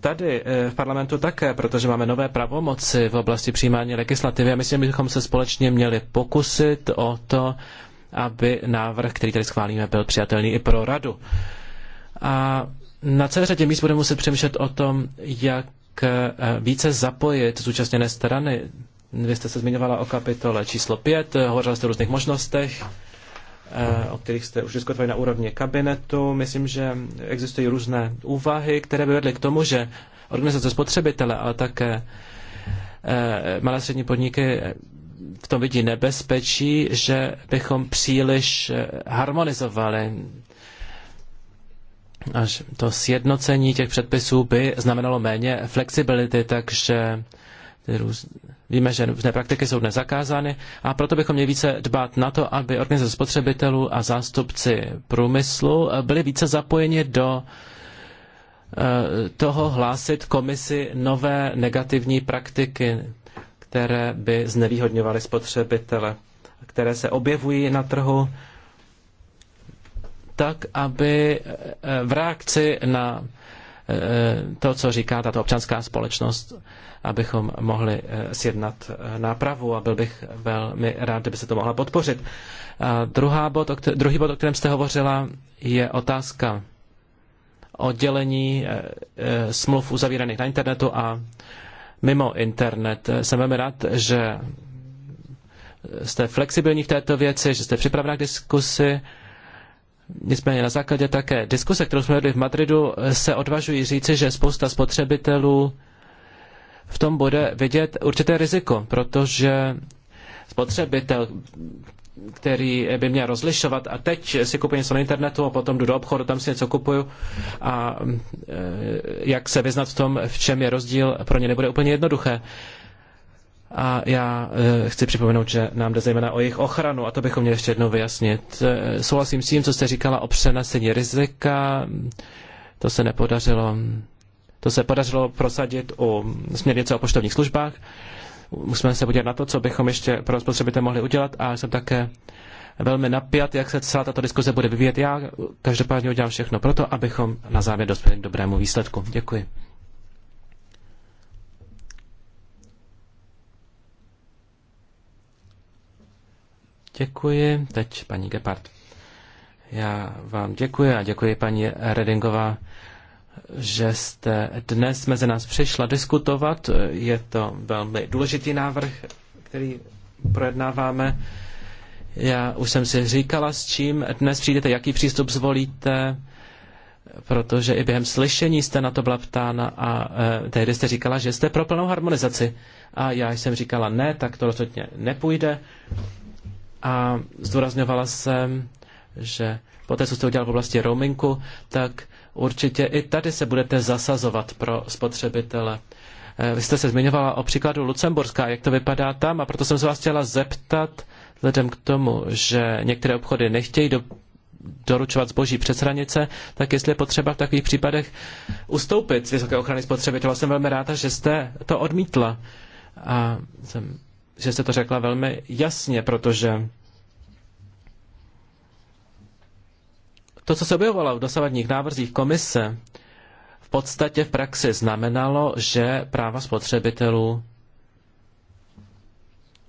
tady eh, v parlamentu také, protože máme nové pravomoci v oblasti přijímání legislativy a myslím, bychom se společně měli pokusit o to, aby návrh, který tady schválíme, byl přijatelný i pro radu. A na celé řadě míst budeme muset přemýšlet o tom, jak Eh, více zapojit zúčastněné strany. Vy jste se zmiňovala o kapitole číslo 5, eh, hovořila jste o různých možnostech, eh, o kterých jste už diskutovali na úrovni kabinetu. Myslím, že existují různé úvahy, které by vedly k tomu, že organizace spotřebitele, ale také malé střední podniky v tom vidí nebezpečí, že bychom příliš harmonizovali až to sjednocení těch předpisů by znamenalo méně flexibility, takže růz... víme, že různé praktiky jsou dnes zakázány a proto bychom měli více dbát na to, aby organizace spotřebitelů a zástupci průmyslu byli více zapojeni do eh, toho hlásit komisi nové negativní praktiky, které by znevýhodňovaly spotřebitele, které se objevují na trhu tak aby eh, v reakci na eh, to, co říká tato občanská společnost, abychom mohli eh, sjednat nápravu a byl bych velmi rád, kdyby se to mohla podpořit. A druhá bod, druhý bod, o kterém jste hovořila, je otázka oddělení smluv uzavíraných na internetu a mimo internet. Jsem velmi rád, že jste flexibilní v této věci, že jste připravena k diskusi Nicméně na základě také diskuse, kterou jsme vedli v Madridu, se odvažují říci, že spousta spotřebitelů v tom bude vidět určité riziko, protože spotřebitel, který by měl rozlišovat a teď si kupuji něco na internetu a potom jdu do obchodu, tam si něco kupuju a e, jak se vyznat v tom, v čem je rozdíl, pro ně nebude úplně jednoduché. A já eh, chci připomenout, že nám jde zejména o jejich ochranu a to bychom měli ještě jednou vyjasnit. Eh, souhlasím s tím, co jste říkala o přenesení rizika. To se nepodařilo. To se podařilo prosadit u směrnice o poštovních službách. Musíme se podívat na to, co bychom ještě pro spotřebitele mohli udělat a jsem také velmi napjat, jak se celá tato diskuze bude vyvíjet. Já každopádně udělám všechno pro to, abychom na závěr dospěli k dobrému výsledku. Děkuji. Děkuji. Teď paní Gepard. Já vám děkuji a děkuji paní Redingová, že jste dnes mezi nás přišla diskutovat. Je to velmi důležitý návrh, který projednáváme. Já už jsem si říkala, s čím dnes přijdete, jaký přístup zvolíte, protože i během slyšení jste na to byla ptána a e, tehdy jste říkala, že jste pro plnou harmonizaci. A já jsem říkala, ne, tak to rozhodně nepůjde a zdůrazňovala jsem, že po té, co jste udělal v oblasti roamingu, tak určitě i tady se budete zasazovat pro spotřebitele. Eh, vy jste se zmiňovala o příkladu Lucemburska, jak to vypadá tam, a proto jsem se vás chtěla zeptat, vzhledem k tomu, že některé obchody nechtějí do, doručovat zboží přes hranice, tak jestli je potřeba v takových případech ustoupit z vysoké ochrany spotřebitele. Jsem velmi ráda, že jste to odmítla. A jsem že jste to řekla velmi jasně, protože to, co se objevovalo v dosavadních návrzích komise, v podstatě v praxi znamenalo, že práva spotřebitelů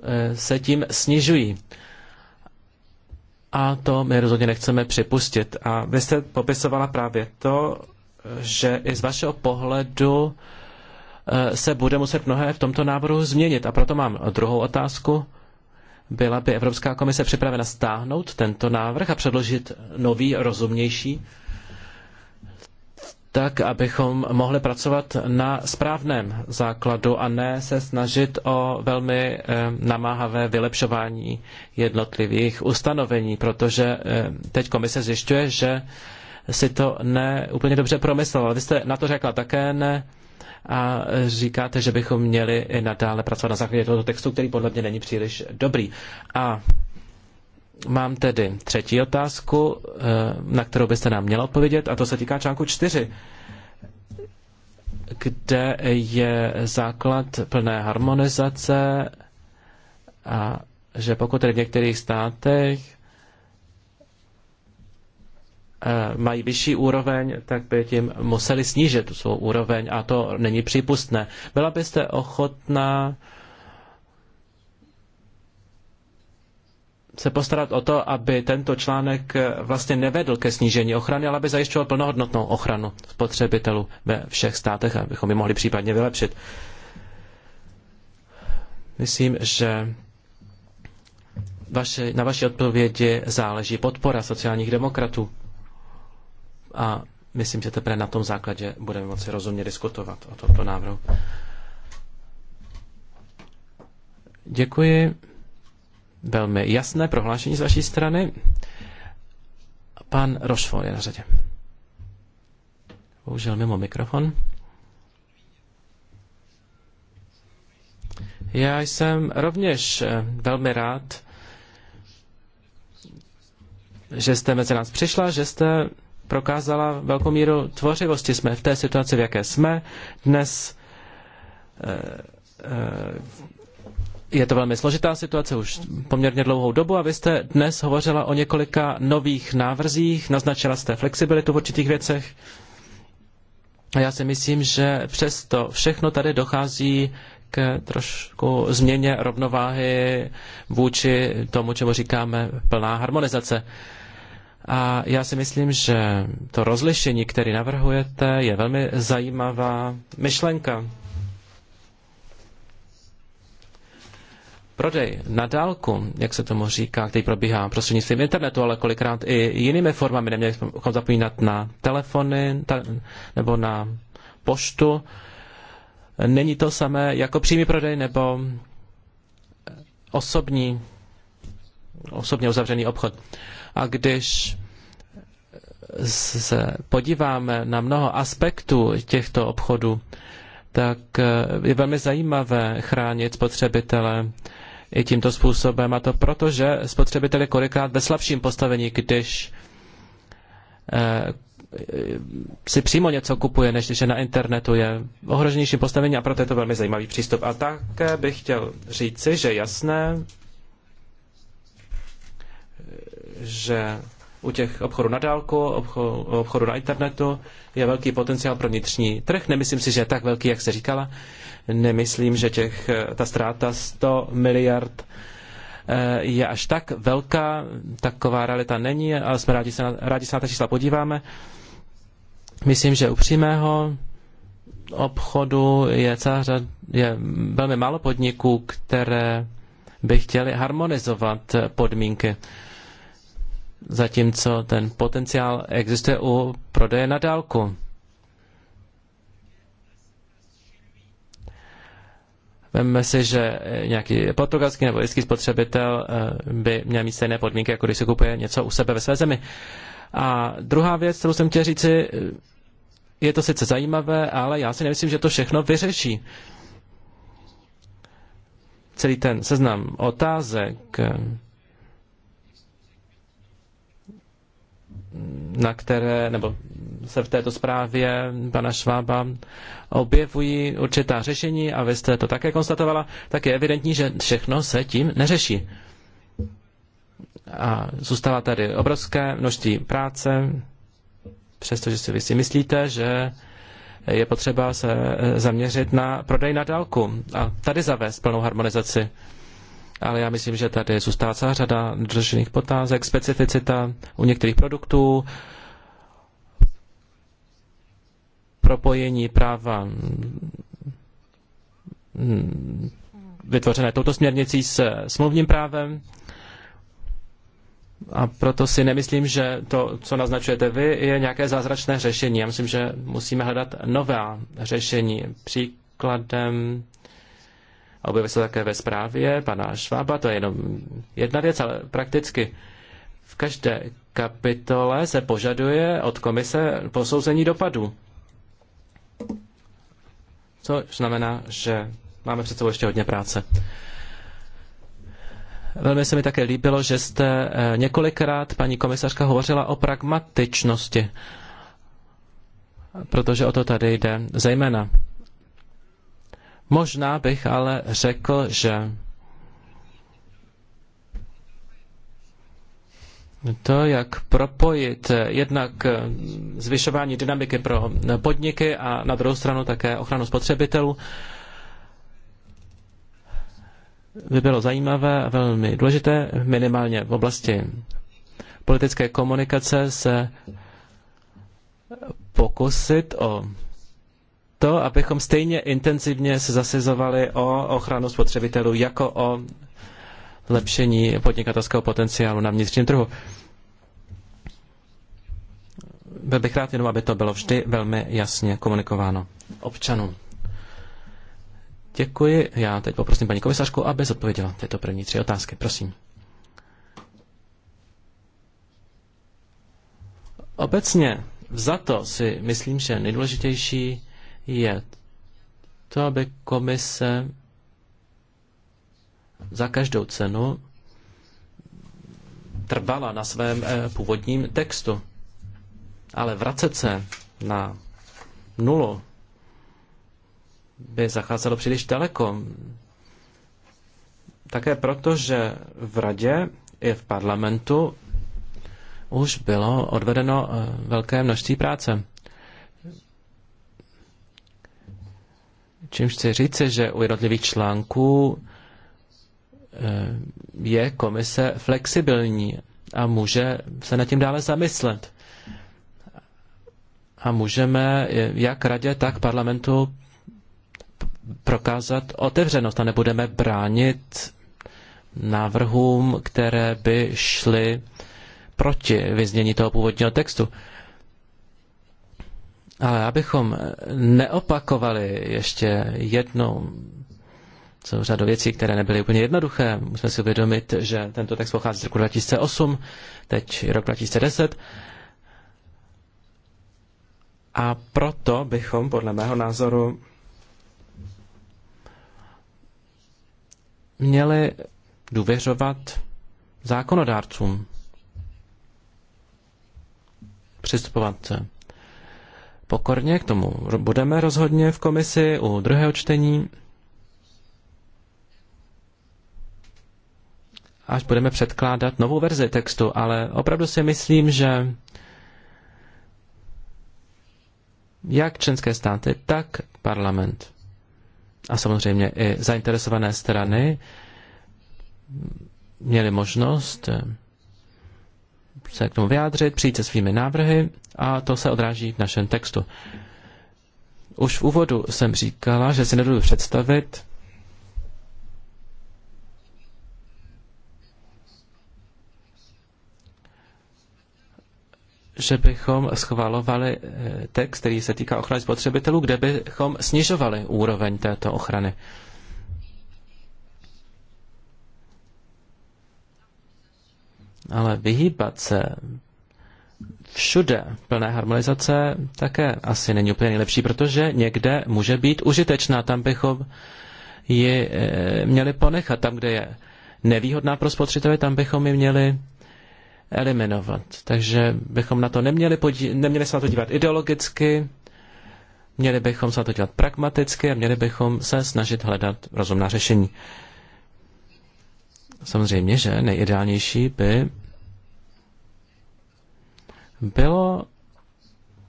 eh, se tím snižují. A to my rozhodně nechceme připustit. A vy jste popisovala právě to, že i z vašeho pohledu Eh, se bude muset mnohé v tomto návrhu změnit. A proto mám druhou otázku. Byla by Evropská komise připravena stáhnout tento návrh a předložit nový, rozumnější, tak, abychom mohli pracovat na správném základu a ne se snažit o velmi eh, namáhavé vylepšování jednotlivých ustanovení, protože eh, teď komise zjišťuje, že si to ne úplně dobře promyslela. Vy jste na to řekla také ne a říkáte, že bychom měli i nadále pracovat na základě tohoto textu, který podle mě není příliš dobrý. A mám tedy třetí otázku, eh, na kterou byste nám měla odpovědět, a to se týká článku 4 kde je základ plné harmonizace a že pokud tedy v některých státech Eh, mají vyšší úroveň, tak by tím museli snížit tu svou úroveň a to není přípustné. Byla byste ochotná se postarat o to, aby tento článek eh, vlastně nevedl ke snížení ochrany, ale aby zajišťoval plnohodnotnou ochranu spotřebitelů ve všech státech, abychom ji mohli případně vylepšit. Myslím, že vaši, na vaší odpovědi záleží podpora sociálních demokratů a myslím, že teprve na tom základě budeme moci rozumně diskutovat o tomto návrhu. Děkuji. Velmi jasné prohlášení z vaší strany. Pan Rošfor je na řadě. Bohužel mimo mikrofon. Já jsem rovněž eh, velmi rád, že jste mezi nás přišla, že jste prokázala velkou míru tvořivosti. Jsme v té situaci, v jaké jsme dnes. Eh, eh, je to velmi složitá situace už poměrně dlouhou dobu a vy jste dnes hovořila o několika nových návrzích, naznačila jste flexibilitu v určitých věcech. A já si myslím, že přesto všechno tady dochází k trošku změně rovnováhy vůči tomu, čemu říkáme plná harmonizace. A já si myslím, že to rozlišení, které navrhujete, je velmi zajímavá myšlenka. Prodej na dálku, jak se tomu říká, který probíhá prostřednictvím internetu, ale kolikrát i jinými formami, neměli bychom zapomínat na telefony ta, nebo na poštu, není to samé jako přímý prodej nebo osobní, osobně uzavřený obchod. A když se podíváme na mnoho aspektů těchto obchodů, tak eh, je velmi zajímavé chránit spotřebitele i tímto způsobem. A to proto, že spotřebitel je kolikrát ve slabším postavení, když eh, si přímo něco kupuje, než když je na internetu, je ohroženějším postavení a proto je to velmi zajímavý přístup. A také bych chtěl říci, že jasné, že u těch obchodů na dálku, obchodů na internetu je velký potenciál pro vnitřní trh. Nemyslím si, že je tak velký, jak se říkala. Nemyslím, že těch, eh, ta ztráta 100 miliard eh, je až tak velká. Taková realita není, ale jsme rádi se na, rádi se na ta čísla podíváme. Myslím, že u přímého obchodu je, celá řad, je velmi málo podniků, které by chtěli harmonizovat podmínky zatímco ten potenciál existuje u prodeje na dálku. Vemme si, že nějaký portugalský nebo irský spotřebitel eh, by měl mít stejné podmínky, jako když si kupuje něco u sebe ve své zemi. A druhá věc, kterou jsem chtěl říci, eh, je to sice zajímavé, ale já si nemyslím, že to všechno vyřeší. Celý ten seznam otázek, eh, na které, nebo se v této zprávě pana Švába objevují určitá řešení, a vy jste to také konstatovala, tak je evidentní, že všechno se tím neřeší. A zůstává tady obrovské množství práce, přestože si vy si myslíte, že je potřeba se zaměřit na prodej na dálku a tady zavést plnou harmonizaci ale já myslím, že tady zůstává celá řada dořešených potázek, specificita u některých produktů, propojení práva mm, vytvořené touto směrnicí s smluvním právem. A proto si nemyslím, že to, co naznačujete vy, je nějaké zázračné řešení. Já myslím, že musíme hledat nová řešení. Příkladem objevuje se také ve zprávě pana Švába, to je jenom jedna věc, ale prakticky v každé kapitole se požaduje od komise posouzení dopadu. Což znamená, že máme před sebou ještě hodně práce. Velmi se mi také líbilo, že jste eh, několikrát, paní komisařka, hovořila o pragmatičnosti, protože o to tady jde zejména. Možná bych ale řekl, že To, jak propojit jednak zvyšování dynamiky pro podniky a na druhou stranu také ochranu spotřebitelů, by bylo zajímavé a velmi důležité, minimálně v oblasti politické komunikace se pokusit o to, abychom stejně intenzivně se zasazovali o ochranu spotřebitelů jako o zlepšení podnikatelského potenciálu na vnitřním trhu. Byl bych rád jenom, aby to bylo vždy velmi jasně komunikováno občanům. Děkuji. Já teď poprosím paní komisařku, aby zodpověděla tyto první tři otázky. Prosím. Obecně za to si myslím, že nejdůležitější je to, aby komise za každou cenu trvala na svém eh, původním textu. Ale vracet se na nulu by zacházelo příliš daleko. Také proto, že v radě i v parlamentu už bylo odvedeno eh, velké množství práce. Čímž chci říct, že u jednotlivých článků eh, je komise flexibilní a může se nad tím dále zamyslet. A můžeme eh, jak radě, tak parlamentu prokázat otevřenost a nebudeme bránit návrhům, které by šly proti vyznění toho původního textu. Ale abychom eh, neopakovali ještě jednou celou řadu věcí, které nebyly úplně jednoduché, musíme si uvědomit, že tento text pochází z roku 2008, teď je rok 2010. A proto bychom, podle mého názoru, měli důvěřovat zákonodárcům, přistupovat pokorně, k tomu budeme rozhodně v komisi u druhého čtení. Až budeme předkládat novou verzi textu, ale opravdu si myslím, že jak členské státy, tak parlament a samozřejmě i zainteresované strany měli možnost se k tomu vyjádřit, přijít se svými návrhy a to se odráží v našem textu. Už v úvodu jsem říkala, že si nedodu představit, že bychom schvalovali eh, text, který se týká ochrany spotřebitelů, kde bychom snižovali úroveň této ochrany. Ale vyhýbat se všude plné harmonizace také asi není úplně nejlepší, protože někde může být užitečná. Tam bychom ji eh, měli ponechat. Tam, kde je nevýhodná pro spotřebitele, tam bychom ji měli eliminovat. Takže bychom na to neměli, podí- neměli se na to dívat ideologicky, měli bychom se na to dívat pragmaticky a měli bychom se snažit hledat rozumná řešení. Samozřejmě, že nejideálnější by bylo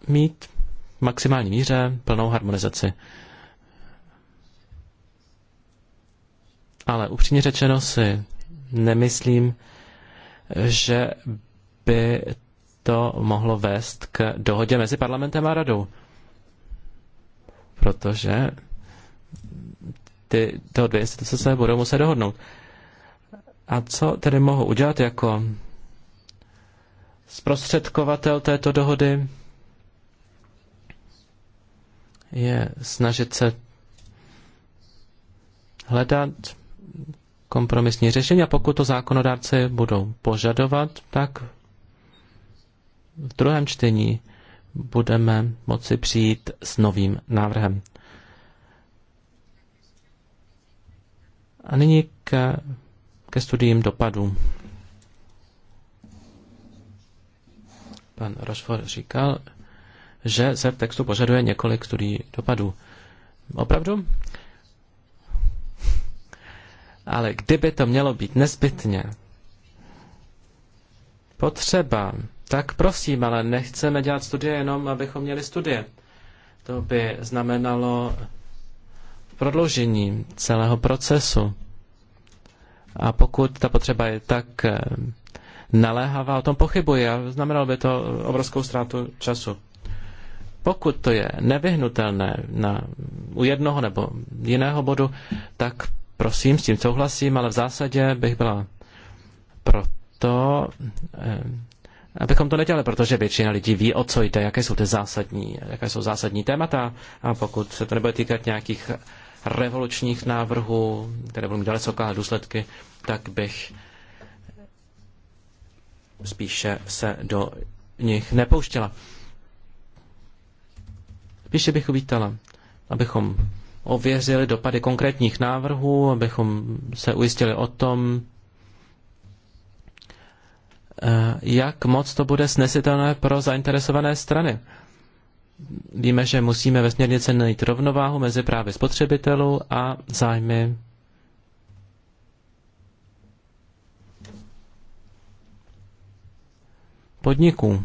mít v maximální míře plnou harmonizaci. Ale upřímně řečeno si nemyslím, že by to mohlo vést k dohodě mezi parlamentem a radou. Protože ty, to dvě instituce se budou muset dohodnout. A co tedy mohu udělat jako zprostředkovatel této dohody? Je snažit se hledat kompromisní řešení a pokud to zákonodárci budou požadovat, tak v druhém čtení budeme moci přijít s novým návrhem. A nyní k ke studiím dopadů. Pan Rošfor říkal, že se v textu požaduje několik studií dopadů. Opravdu? Ale kdyby to mělo být nezbytně potřeba, tak prosím, ale nechceme dělat studie jenom, abychom měli studie. To by znamenalo prodloužení celého procesu. A pokud ta potřeba je tak eh, naléhavá, o tom pochybuji a znamenalo by to obrovskou ztrátu času. Pokud to je nevyhnutelné na, u jednoho nebo jiného bodu, tak prosím, s tím souhlasím, ale v zásadě bych byla proto, eh, abychom to nedělali, protože většina lidí ví, o co jde, jaké jsou ty zásadní, jaké jsou zásadní témata a pokud se to nebude týkat nějakých revolučních návrhů, které budou mít dalekosáhlé důsledky, tak bych spíše se do nich nepouštěla. Spíše bych uvítala, abychom ověřili dopady konkrétních návrhů, abychom se ujistili o tom, eh, jak moc to bude snesitelné pro zainteresované strany. Víme, že musíme ve směrnice najít rovnováhu mezi právy spotřebitelů a zájmy podniků.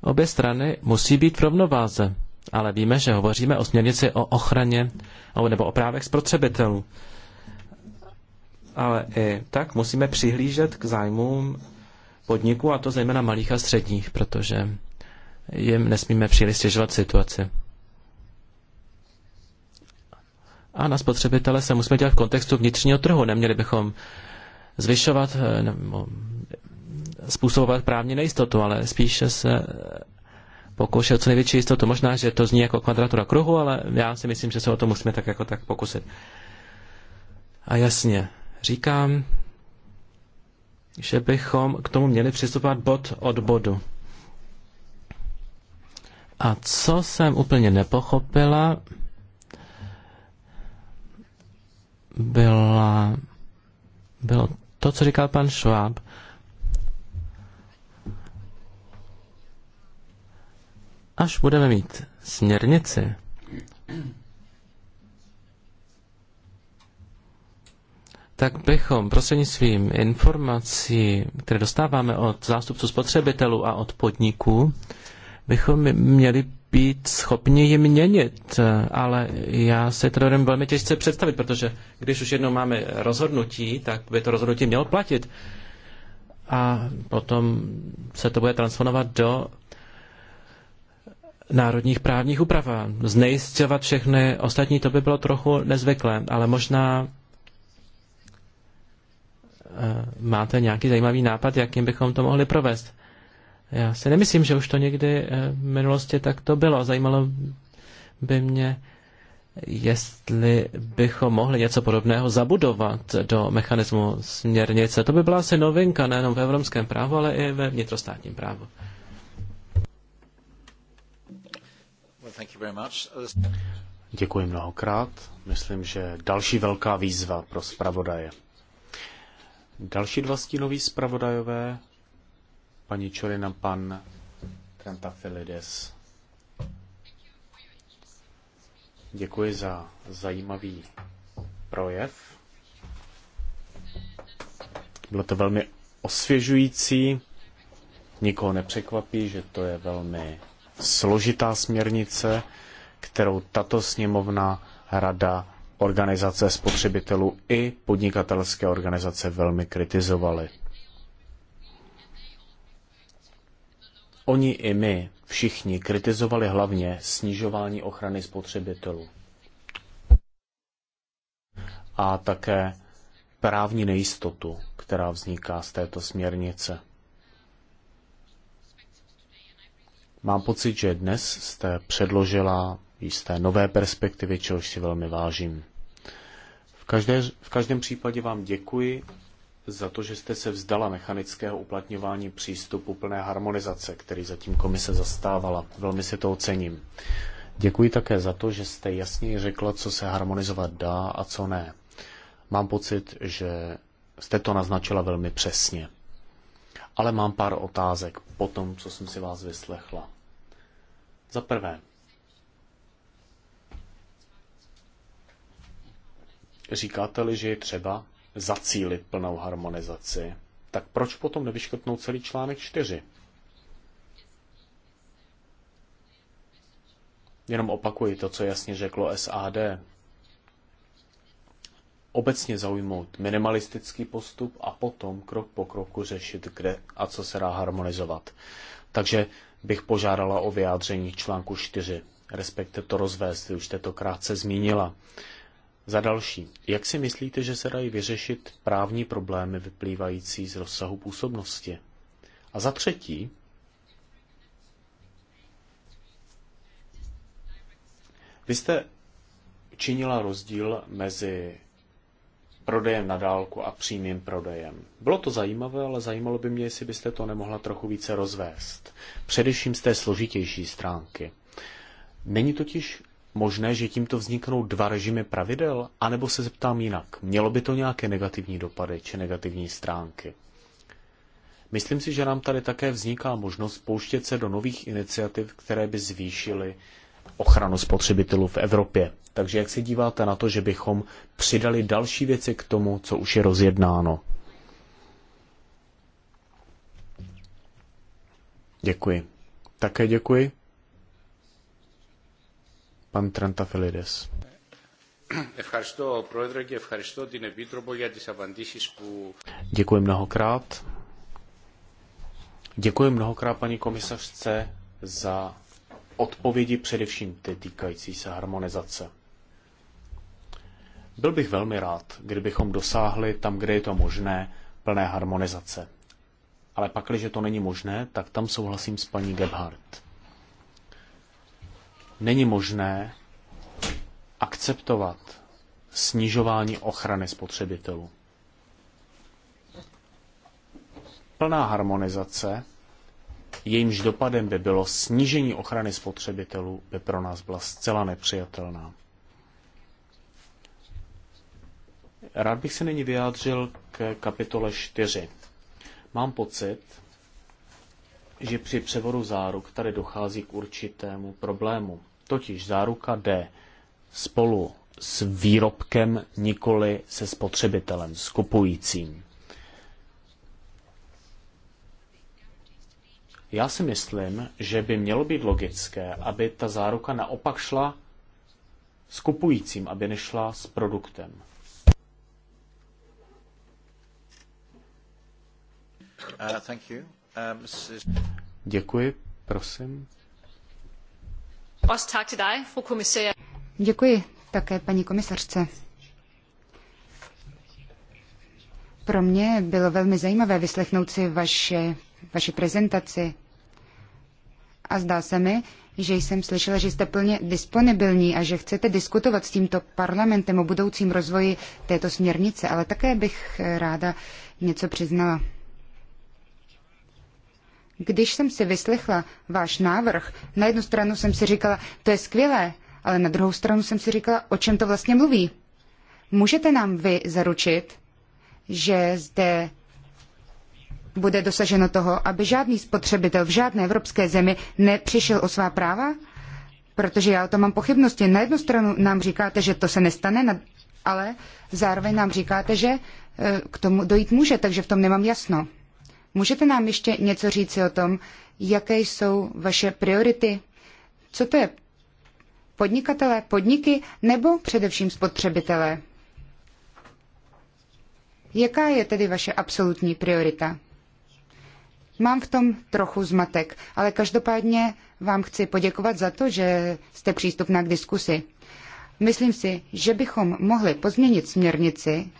Obě strany musí být v rovnováze, ale víme, že hovoříme o směrnici o ochraně nebo o právech spotřebitelů. Ale i tak musíme přihlížet k zájmům podniků, a to zejména malých a středních, protože jim nesmíme příliš stěžovat situaci. A na spotřebitele se musíme dělat v kontextu vnitřního trhu. Neměli bychom zvyšovat eh, nebo způsobovat právní nejistotu, ale spíše se pokoušel co největší jistotu. Možná, že to zní jako kvadratura kruhu, ale já si myslím, že se o to musíme tak jako tak pokusit. A jasně, říkám, že bychom k tomu měli přistupovat bod od bodu. A co jsem úplně nepochopila, byla, bylo to, co říkal pan Schwab. Až budeme mít směrnici, tak bychom prostřednictvím informací, které dostáváme od zástupců spotřebitelů a od podniků, bychom měli být schopni je měnit, ale já se to jenom velmi těžce představit, protože když už jednou máme rozhodnutí, tak by to rozhodnutí mělo platit. A potom se to bude transformovat do národních právních úprav Znejistovat všechny ostatní, to by bylo trochu nezvyklé, ale možná Eh, máte nějaký zajímavý nápad, jakým bychom to mohli provést. Já si nemyslím, že už to někdy eh, v minulosti tak to bylo. Zajímalo by mě, jestli bychom mohli něco podobného zabudovat do mechanismu směrnice. To by byla asi novinka nejenom v evropském právu, ale i ve vnitrostátním právu. Děkuji mnohokrát. Myslím, že další velká výzva pro zpravodaje. Další dva stínoví zpravodajové, paní Čorina, pan Trantafilides. Děkuji za zajímavý projev. Bylo to velmi osvěžující. Nikoho nepřekvapí, že to je velmi složitá směrnice, kterou tato sněmovna, rada organizace spotřebitelů i podnikatelské organizace velmi kritizovaly. Oni i my všichni kritizovali hlavně snižování ochrany spotřebitelů a také právní nejistotu, která vzniká z této směrnice. Mám pocit, že dnes jste předložila jisté nové perspektivy, čehož si velmi vážím. Každé, v každém případě vám děkuji za to, že jste se vzdala mechanického uplatňování přístupu plné harmonizace, který zatím komise zastávala. Velmi si to ocením. Děkuji také za to, že jste jasněji řekla, co se harmonizovat dá a co ne. Mám pocit, že jste to naznačila velmi přesně. Ale mám pár otázek po tom, co jsem si vás vyslechla. Za prvé, Říkáte-li, že je třeba zacílit plnou harmonizaci, tak proč potom nevyškrtnout celý článek 4? Jenom opakuji to, co jasně řeklo SAD. Obecně zaujmout minimalistický postup a potom krok po kroku řešit, kde a co se dá harmonizovat. Takže bych požádala o vyjádření článku 4, respektive to rozvést, už jste to krátce zmínila. Za další, jak si myslíte, že se dají vyřešit právní problémy vyplývající z rozsahu působnosti? A za třetí, vy jste činila rozdíl mezi prodejem na dálku a přímým prodejem. Bylo to zajímavé, ale zajímalo by mě, jestli byste to nemohla trochu více rozvést. Především z té složitější stránky. Není totiž možné, že tímto vzniknou dva režimy pravidel? A nebo se zeptám jinak, mělo by to nějaké negativní dopady či negativní stránky? Myslím si, že nám tady také vzniká možnost pouštět se do nových iniciativ, které by zvýšily ochranu spotřebitelů v Evropě. Takže jak se díváte na to, že bychom přidali další věci k tomu, co už je rozjednáno? Děkuji. Také děkuji. Pan Trantafilides. Děkuji mnohokrát. Děkuji mnohokrát paní komisařce za odpovědi, především ty týkající se harmonizace. Byl bych velmi rád, kdybychom dosáhli tam, kde je to možné, plné harmonizace. Ale pakliže to není možné, tak tam souhlasím s paní Gebhardt není možné akceptovat snižování ochrany spotřebitelů. Plná harmonizace, jejímž dopadem by bylo snížení ochrany spotřebitelů, by pro nás byla zcela nepřijatelná. Rád bych se nyní vyjádřil k kapitole 4. Mám pocit, že při převodu záruk tady dochází k určitému problému. Totiž záruka jde spolu s výrobkem, nikoli se spotřebitelem, s kupujícím. Já si myslím, že by mělo být logické, aby ta záruka naopak šla s kupujícím, aby nešla s produktem. Uh, thank you. Um, Děkuji, prosím. Děkuji také paní komisařce. Pro mě bylo velmi zajímavé vyslechnout si vaše, vaši prezentaci. A zdá se mi, že jsem slyšela, že jste plně disponibilní a že chcete diskutovat s tímto parlamentem o budoucím rozvoji této směrnice, ale také bych ráda něco přiznala. Když jsem si vyslechla váš návrh, na jednu stranu jsem si říkala, to je skvělé, ale na druhou stranu jsem si říkala, o čem to vlastně mluví. Můžete nám vy zaručit, že zde bude dosaženo toho, aby žádný spotřebitel v žádné evropské zemi nepřišel o svá práva? Protože já o tom mám pochybnosti. Na jednu stranu nám říkáte, že to se nestane, ale zároveň nám říkáte, že eh, k tomu dojít může, takže v tom nemám jasno. Můžete nám ještě něco říci o tom, jaké jsou vaše priority? Co to je? Podnikatelé, podniky nebo především spotřebitelé? Jaká je tedy vaše absolutní priorita? Mám v tom trochu zmatek, ale každopádně vám chci poděkovat za to, že jste přístupná k diskusi. Myslím si, že bychom mohli pozměnit směrnici,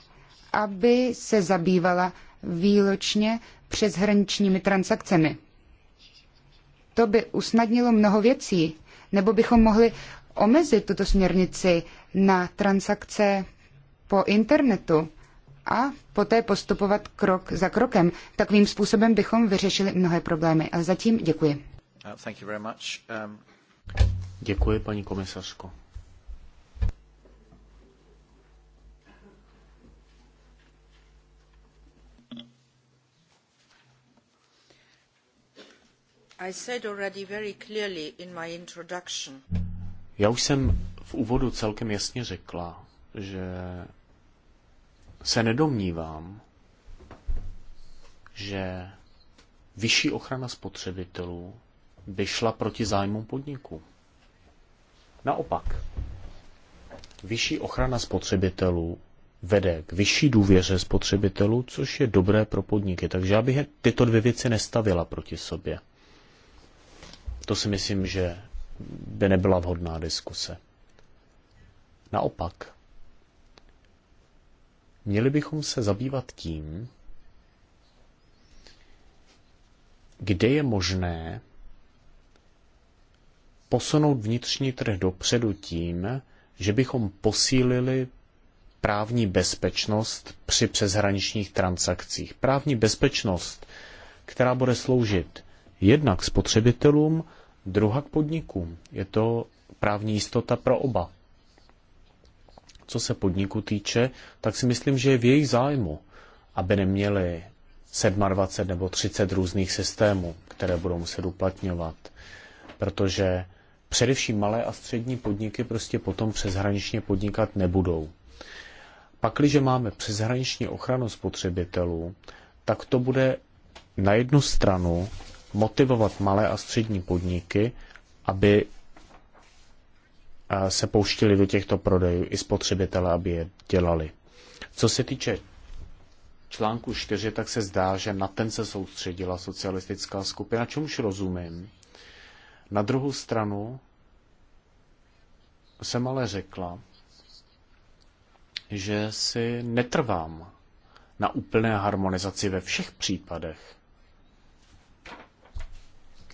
aby se zabývala výločně přeshraničními transakcemi. To by usnadnilo mnoho věcí, nebo bychom mohli omezit tuto směrnici na transakce po internetu a poté postupovat krok za krokem. Takovým způsobem bychom vyřešili mnohé problémy. A zatím děkuji. Uh, um, děkuji, paní komisařko. Já už jsem v úvodu celkem jasně řekla, že se nedomnívám, že vyšší ochrana spotřebitelů by šla proti zájmům podniků. Naopak, vyšší ochrana spotřebitelů vede k vyšší důvěře spotřebitelů, což je dobré pro podniky. Takže já bych tyto dvě věci nestavila proti sobě. To si myslím, že by nebyla vhodná diskuse. Naopak, měli bychom se zabývat tím, kde je možné posunout vnitřní trh dopředu tím, že bychom posílili právní bezpečnost při přeshraničních transakcích. Právní bezpečnost, která bude sloužit Jednak spotřebitelům, druhá k podnikům. Je to právní jistota pro oba. Co se podniku týče, tak si myslím, že je v jejich zájmu, aby neměli 27 nebo 30 různých systémů, které budou muset uplatňovat. Protože především malé a střední podniky prostě potom přeshraničně podnikat nebudou. Pakliže máme přeshraniční ochranu spotřebitelů, tak to bude na jednu stranu motivovat malé a střední podniky, aby eh, se pouštili do těchto prodejů i spotřebitele, aby je dělali. Co se týče článku 4, tak se zdá, že na ten se soustředila socialistická skupina, čemuž rozumím. Na druhou stranu jsem ale řekla, že si netrvám na úplné harmonizaci ve všech případech.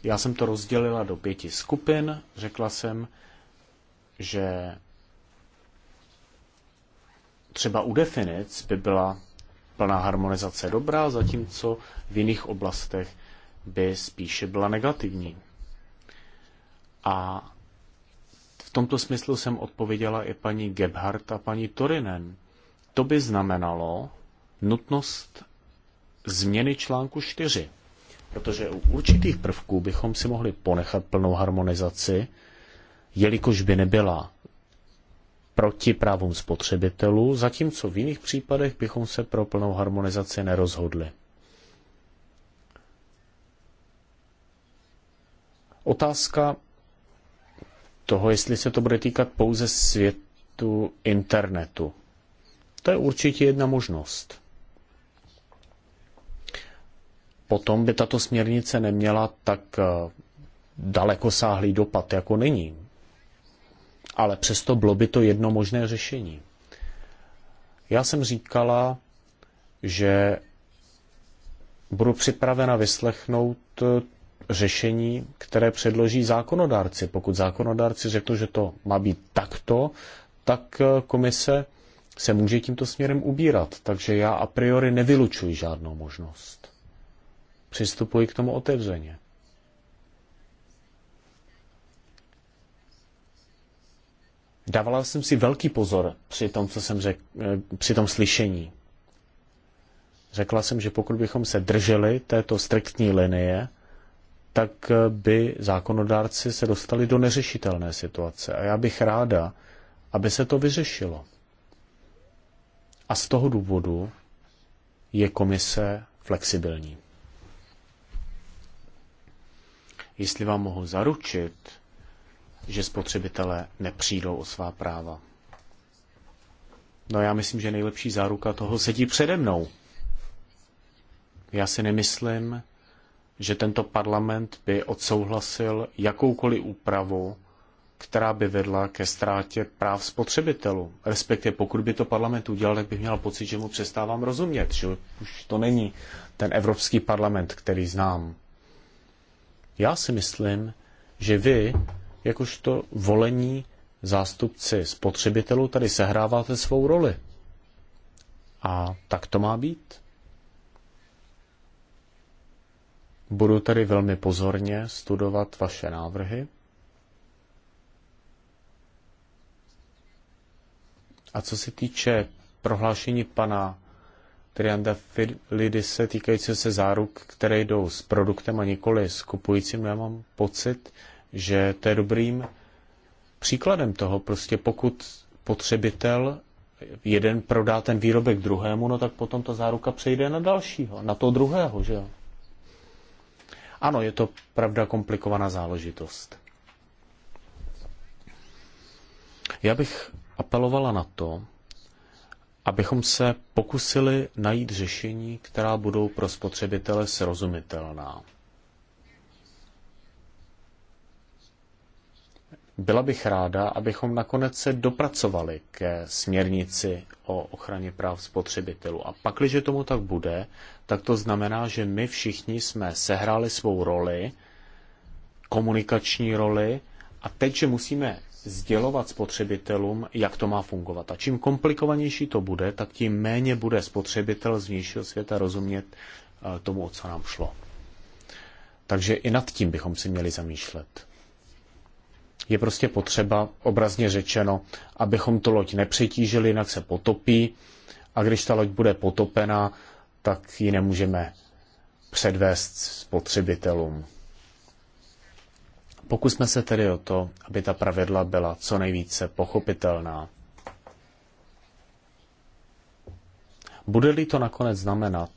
Já jsem to rozdělila do pěti skupin. Řekla jsem, že třeba u definic by byla plná harmonizace dobrá, zatímco v jiných oblastech by spíše byla negativní. A v tomto smyslu jsem odpověděla i paní Gebhardt a paní Torinen. To by znamenalo nutnost změny článku 4. Protože u určitých prvků bychom si mohli ponechat plnou harmonizaci, jelikož by nebyla proti právům spotřebitelů, zatímco v jiných případech bychom se pro plnou harmonizaci nerozhodli. Otázka toho, jestli se to bude týkat pouze světu internetu. To je určitě jedna možnost potom by tato směrnice neměla tak eh, dalekosáhlý dopad, jako není. Ale přesto bylo by to jedno možné řešení. Já jsem říkala, že budu připravena vyslechnout eh, řešení, které předloží zákonodárci. Pokud zákonodárci řeknou, že to má být takto, tak eh, komise se může tímto směrem ubírat. Takže já a priori nevylučuji žádnou možnost. Přistupuji k tomu otevřeně. Dávala jsem si velký pozor při tom, co jsem řekl, eh, při tom slyšení. Řekla jsem, že pokud bychom se drželi této striktní linie, tak eh, by zákonodárci se dostali do neřešitelné situace. A já bych ráda, aby se to vyřešilo. A z toho důvodu je komise flexibilní. jestli vám mohu zaručit, že spotřebitelé nepřijdou o svá práva. No já myslím, že nejlepší záruka toho sedí přede mnou. Já si nemyslím, že tento parlament by odsouhlasil jakoukoliv úpravu, která by vedla ke ztrátě práv spotřebitelů. Respektive pokud by to parlament udělal, tak bych měl pocit, že mu přestávám rozumět, že už to není ten Evropský parlament, který znám. Já si myslím, že vy, jakožto volení zástupci spotřebitelů, tady sehráváte svou roli. A tak to má být. Budu tady velmi pozorně studovat vaše návrhy. A co se týče prohlášení pana lidi se týkající se záruk, které jdou s produktem a nikoli s kupujícím. Já mám pocit, že to je dobrým příkladem toho. Prostě pokud potřebitel jeden prodá ten výrobek druhému, no tak potom ta záruka přejde na dalšího, na to druhého, že jo? Ano, je to pravda komplikovaná záležitost. Já bych apelovala na to, abychom se pokusili najít řešení, která budou pro spotřebitele srozumitelná. Byla bych ráda, abychom nakonec se dopracovali ke směrnici o ochraně práv spotřebitelů. A pakliže tomu tak bude, tak to znamená, že my všichni jsme sehráli svou roli, komunikační roli, a teď, že musíme sdělovat spotřebitelům, jak to má fungovat. A čím komplikovanější to bude, tak tím méně bude spotřebitel z vnějšího světa rozumět eh, tomu, o co nám šlo. Takže i nad tím bychom si měli zamýšlet. Je prostě potřeba, obrazně řečeno, abychom tu loď nepřetížili, jinak se potopí a když ta loď bude potopena, tak ji nemůžeme předvést spotřebitelům. Pokusme se tedy o to, aby ta pravidla byla co nejvíce pochopitelná. Bude-li to nakonec znamenat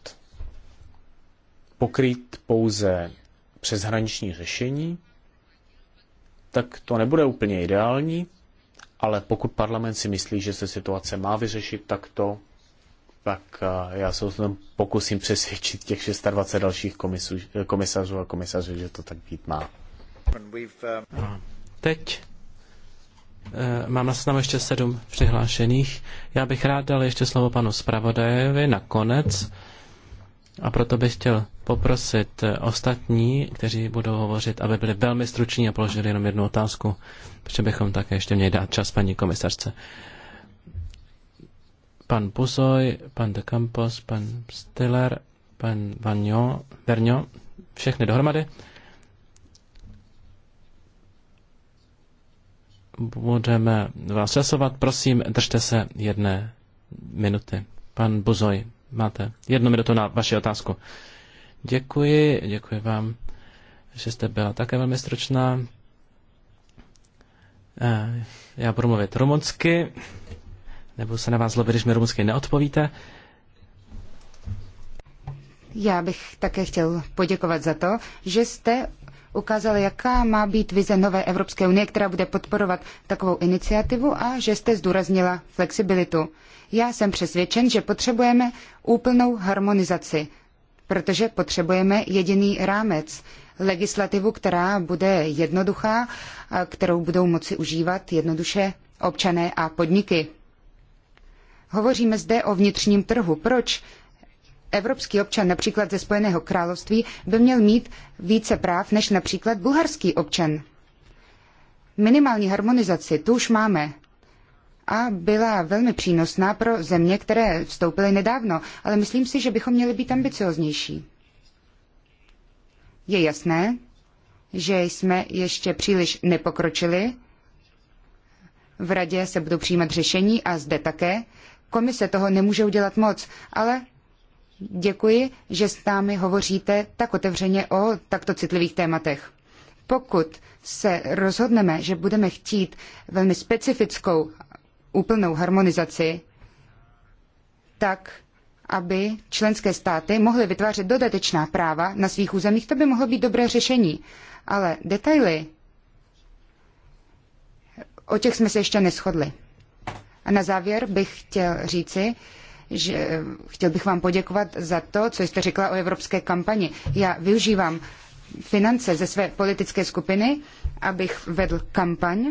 pokrýt pouze přeshraniční řešení, tak to nebude úplně ideální, ale pokud parlament si myslí, že se situace má vyřešit takto, tak eh, já se o tom pokusím přesvědčit těch 26 dalších eh, komisařů a komisařů, že to tak být má. Uh, teď eh, Mám na seznamu ještě sedm přihlášených. Já bych rád dal ještě slovo panu zpravodajovi na konec a proto bych chtěl poprosit eh, ostatní, kteří budou hovořit, aby byli velmi struční a položili jenom jednu otázku, protože bychom také ještě měli dát čas paní komisařce. Pan Buzoj, pan de Campos, pan Stiller, pan Vanjo, Verňo, všechny dohromady. budeme vás časovat. Prosím, držte se jedné minuty. Pan Buzoj, máte jednu minutu na vaši otázku. Děkuji, děkuji vám, že jste byla také velmi stručná. Eh, já budu mluvit rumunsky, nebo se na vás zlobit, když mi rumunsky neodpovíte. Já bych také chtěl poděkovat za to, že jste ukázal, jaká má být vize nové Evropské unie, která bude podporovat takovou iniciativu a že jste zdůraznila flexibilitu. Já jsem přesvědčen, že potřebujeme úplnou harmonizaci, protože potřebujeme jediný rámec, legislativu, která bude jednoduchá, a kterou budou moci užívat jednoduše občané a podniky. Hovoříme zde o vnitřním trhu. Proč evropský občan například ze Spojeného království by měl mít více práv než například bulharský občan. Minimální harmonizaci tu už máme a byla velmi přínosná pro země, které vstoupily nedávno, ale myslím si, že bychom měli být ambicioznější. Je jasné, že jsme ještě příliš nepokročili. V radě se budou přijímat řešení a zde také. Komise toho nemůže udělat moc, ale Děkuji, že s námi hovoříte tak otevřeně o takto citlivých tématech. Pokud se rozhodneme, že budeme chtít velmi specifickou úplnou harmonizaci, tak aby členské státy mohly vytvářet dodatečná práva na svých územích, to by mohlo být dobré řešení. Ale detaily, o těch jsme se ještě neschodli. A na závěr bych chtěl říci, že eh, chtěl bych vám poděkovat za to, co jste řekla o evropské kampani. Já využívám finance ze své politické skupiny, abych vedl kampaň.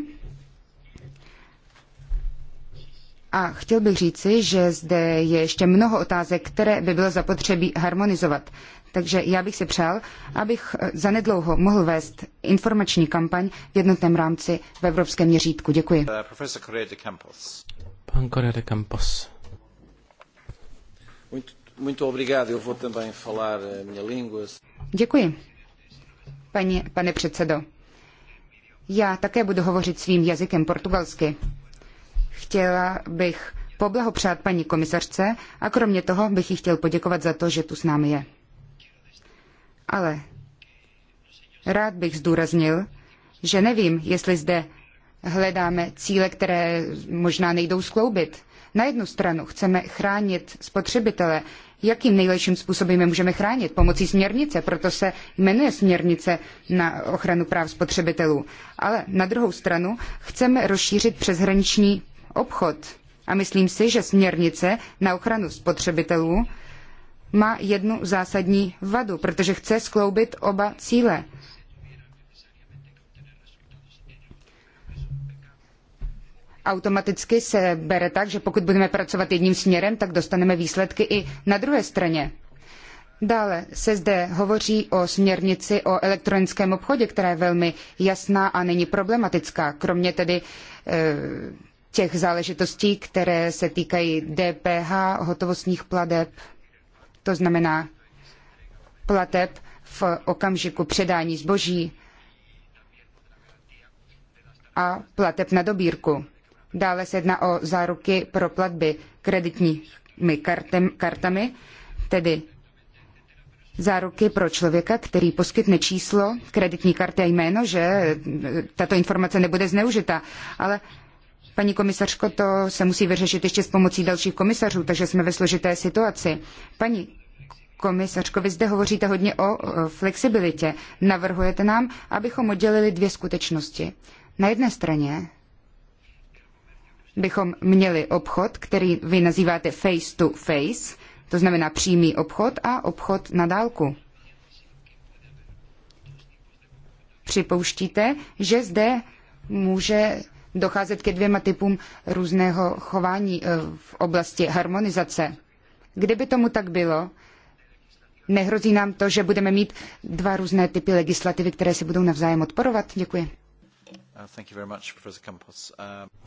A chtěl bych říci, že zde je ještě mnoho otázek, které by bylo zapotřebí harmonizovat. Takže já bych si přál, abych eh, zanedlouho mohl vést informační kampaň v jednotném rámci v evropském měřítku. Děkuji. Uh, Pan Correa de Campos. Děkuji. Pani, pane předsedo, já také budu hovořit svým jazykem portugalsky. Chtěla bych poblahopřát paní komisařce a kromě toho bych jí chtěl poděkovat za to, že tu s námi je. Ale rád bych zdůraznil, že nevím, jestli zde hledáme cíle, které možná nejdou skloubit. Na jednu stranu chceme chránit spotřebitele. Jakým nejlepším způsobem je můžeme chránit? Pomocí směrnice, proto se jmenuje směrnice na ochranu práv spotřebitelů. Ale na druhou stranu chceme rozšířit přeshraniční obchod. A myslím si, že směrnice na ochranu spotřebitelů má jednu zásadní vadu, protože chce skloubit oba cíle. automaticky se bere tak, že pokud budeme pracovat jedním směrem, tak dostaneme výsledky i na druhé straně. Dále se zde hovoří o směrnici o elektronickém obchodě, která je velmi jasná a není problematická, kromě tedy e, těch záležitostí, které se týkají DPH, hotovostních plateb, to znamená plateb v okamžiku předání zboží a plateb na dobírku. Dále se jedná o záruky pro platby kreditními kartem, kartami, tedy záruky pro člověka, který poskytne číslo kreditní karty a jméno, že tato informace nebude zneužita. Ale paní komisařko, to se musí vyřešit ještě s pomocí dalších komisařů, takže jsme ve složité situaci. Paní komisařko, vy zde hovoříte hodně o flexibilitě. Navrhujete nám, abychom oddělili dvě skutečnosti. Na jedné straně bychom měli obchod, který vy nazýváte face to face, to znamená přímý obchod a obchod na dálku. Připouštíte, že zde může docházet ke dvěma typům různého chování eh, v oblasti harmonizace. Kdyby tomu tak bylo, nehrozí nám to, že budeme mít dva různé typy legislativy, které se budou navzájem odporovat? Děkuji. Uh, um,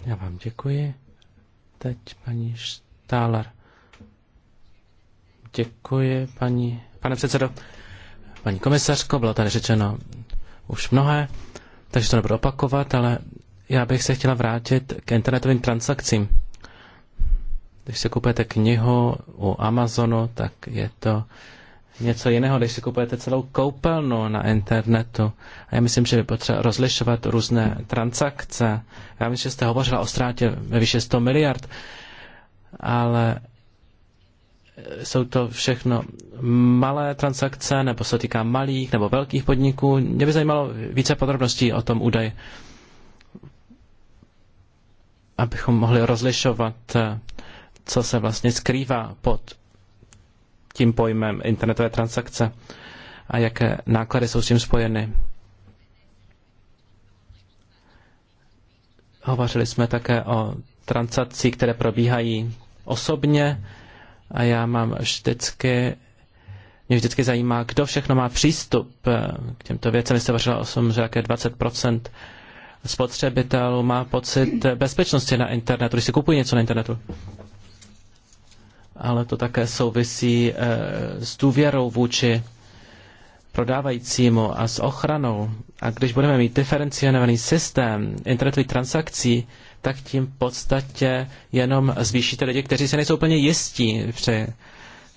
já vám děkuji. Teď paní Štálar. Děkuji, paní, pane předsedo. Paní komisařko, bylo tady řečeno už mnohé, takže to nebudu opakovat, ale já bych se chtěla vrátit k internetovým transakcím. Když se kupujete knihu u Amazonu, tak je to něco jiného, když si kupujete celou koupelnu na internetu. A já myslím, že by potřeba rozlišovat různé transakce. Já myslím, že jste hovořila o ztrátě ve výši 100 miliard, ale jsou to všechno malé transakce, nebo se týká malých nebo velkých podniků. Mě by zajímalo více podrobností o tom údaj, abychom mohli rozlišovat, co se vlastně skrývá pod tím pojmem internetové transakce a jaké náklady jsou s tím spojeny. Hovořili jsme také o transakcích, které probíhají osobně a já mám vždycky, mě vždycky zajímá, kdo všechno má přístup eh, k těmto věcem. Jste hovořila o tom, že jaké 20% spotřebitelů má pocit bezpečnosti na internetu, když si kupují něco na internetu ale to také souvisí eh, s důvěrou vůči prodávajícímu a s ochranou. A když budeme mít diferenciovaný systém internetových transakcí, tak tím v podstatě jenom zvýšíte lidi, kteří se nejsou úplně jistí při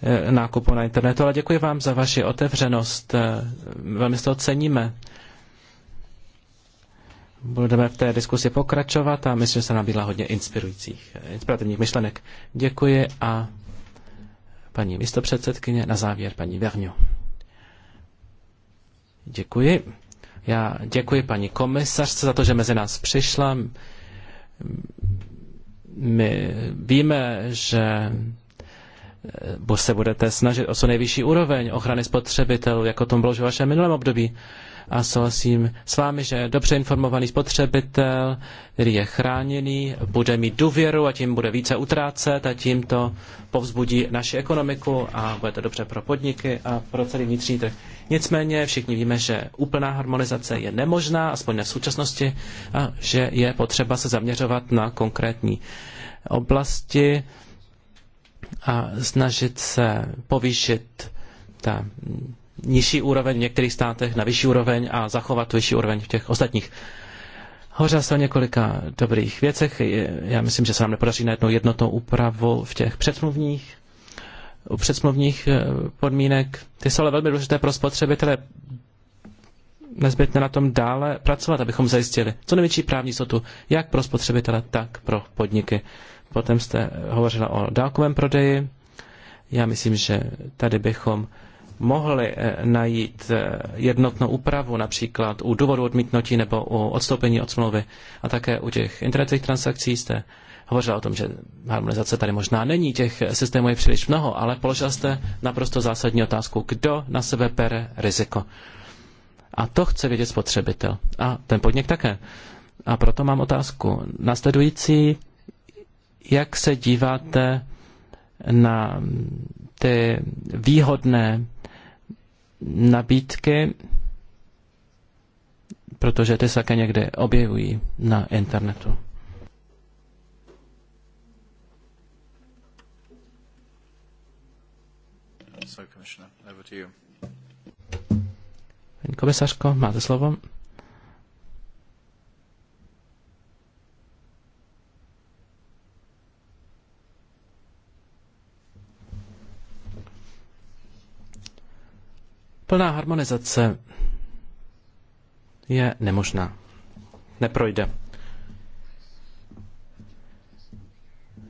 eh, nákupu na internetu. Ale děkuji vám za vaši otevřenost. Eh, velmi to ceníme. Budeme v té diskusi pokračovat a myslím, že se nabídla hodně inspirujících, inspirativních myšlenek. Děkuji a paní místopředsedkyně, na závěr paní Verňu. Děkuji. Já děkuji paní komisařce za to, že mezi nás přišla. My víme, že eh, se budete snažit o co nejvyšší úroveň ochrany spotřebitelů, jako tom bylo v vašem minulém období a souhlasím s vámi, že dobře informovaný spotřebitel, který je chráněný, bude mít důvěru a tím bude více utrácet a tím to povzbudí naši ekonomiku a bude to dobře pro podniky a pro celý vnitřní trh. Nicméně všichni víme, že úplná harmonizace je nemožná, aspoň ne v současnosti, a že je potřeba se zaměřovat na konkrétní oblasti a snažit se povýšit ta nižší úroveň v některých státech na vyšší úroveň a zachovat vyšší úroveň v těch ostatních. Hořel se o několika dobrých věcech. Já myslím, že se nám nepodaří najednou jednotnou úpravu v těch předsmluvních, u předsmluvních eh, podmínek. Ty jsou ale velmi důležité pro spotřebitele nezbytné na tom dále pracovat, abychom zajistili co největší právní jistotu, jak pro spotřebitele, tak pro podniky. Potom jste hovořila o dálkovém prodeji. Já myslím, že tady bychom mohli eh, najít eh, jednotnou úpravu, například u důvodu odmítnutí nebo u odstoupení od smlouvy a také u těch internetových transakcí jste hovořil o tom, že harmonizace tady možná není, těch systémů je příliš mnoho, ale položil jste naprosto zásadní otázku, kdo na sebe bere riziko. A to chce vědět spotřebitel. A ten podnik také. A proto mám otázku Nasledující, jak se díváte na ty výhodné nabídky, protože ty se také někde objevují na internetu. Paní komisařko, máte slovo. Plná harmonizace je nemožná. Neprojde.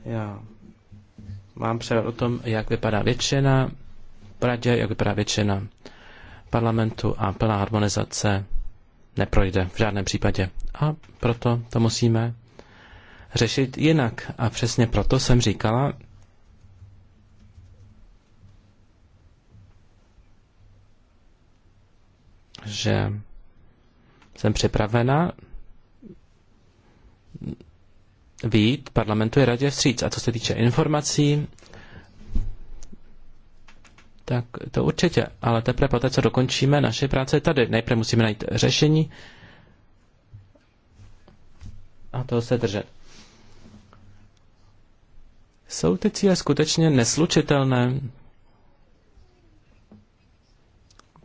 Já mám přehled o tom, jak vypadá většina v radě, jak vypadá většina parlamentu a plná harmonizace neprojde v žádném případě. A proto to musíme řešit jinak. A přesně proto jsem říkala, že jsem připravena výjít parlamentu i radě vstříc. A co se týče informací, tak to určitě, ale teprve poté, co dokončíme naše práce tady. Nejprve musíme najít řešení a to se držet. Jsou ty cíle skutečně neslučitelné?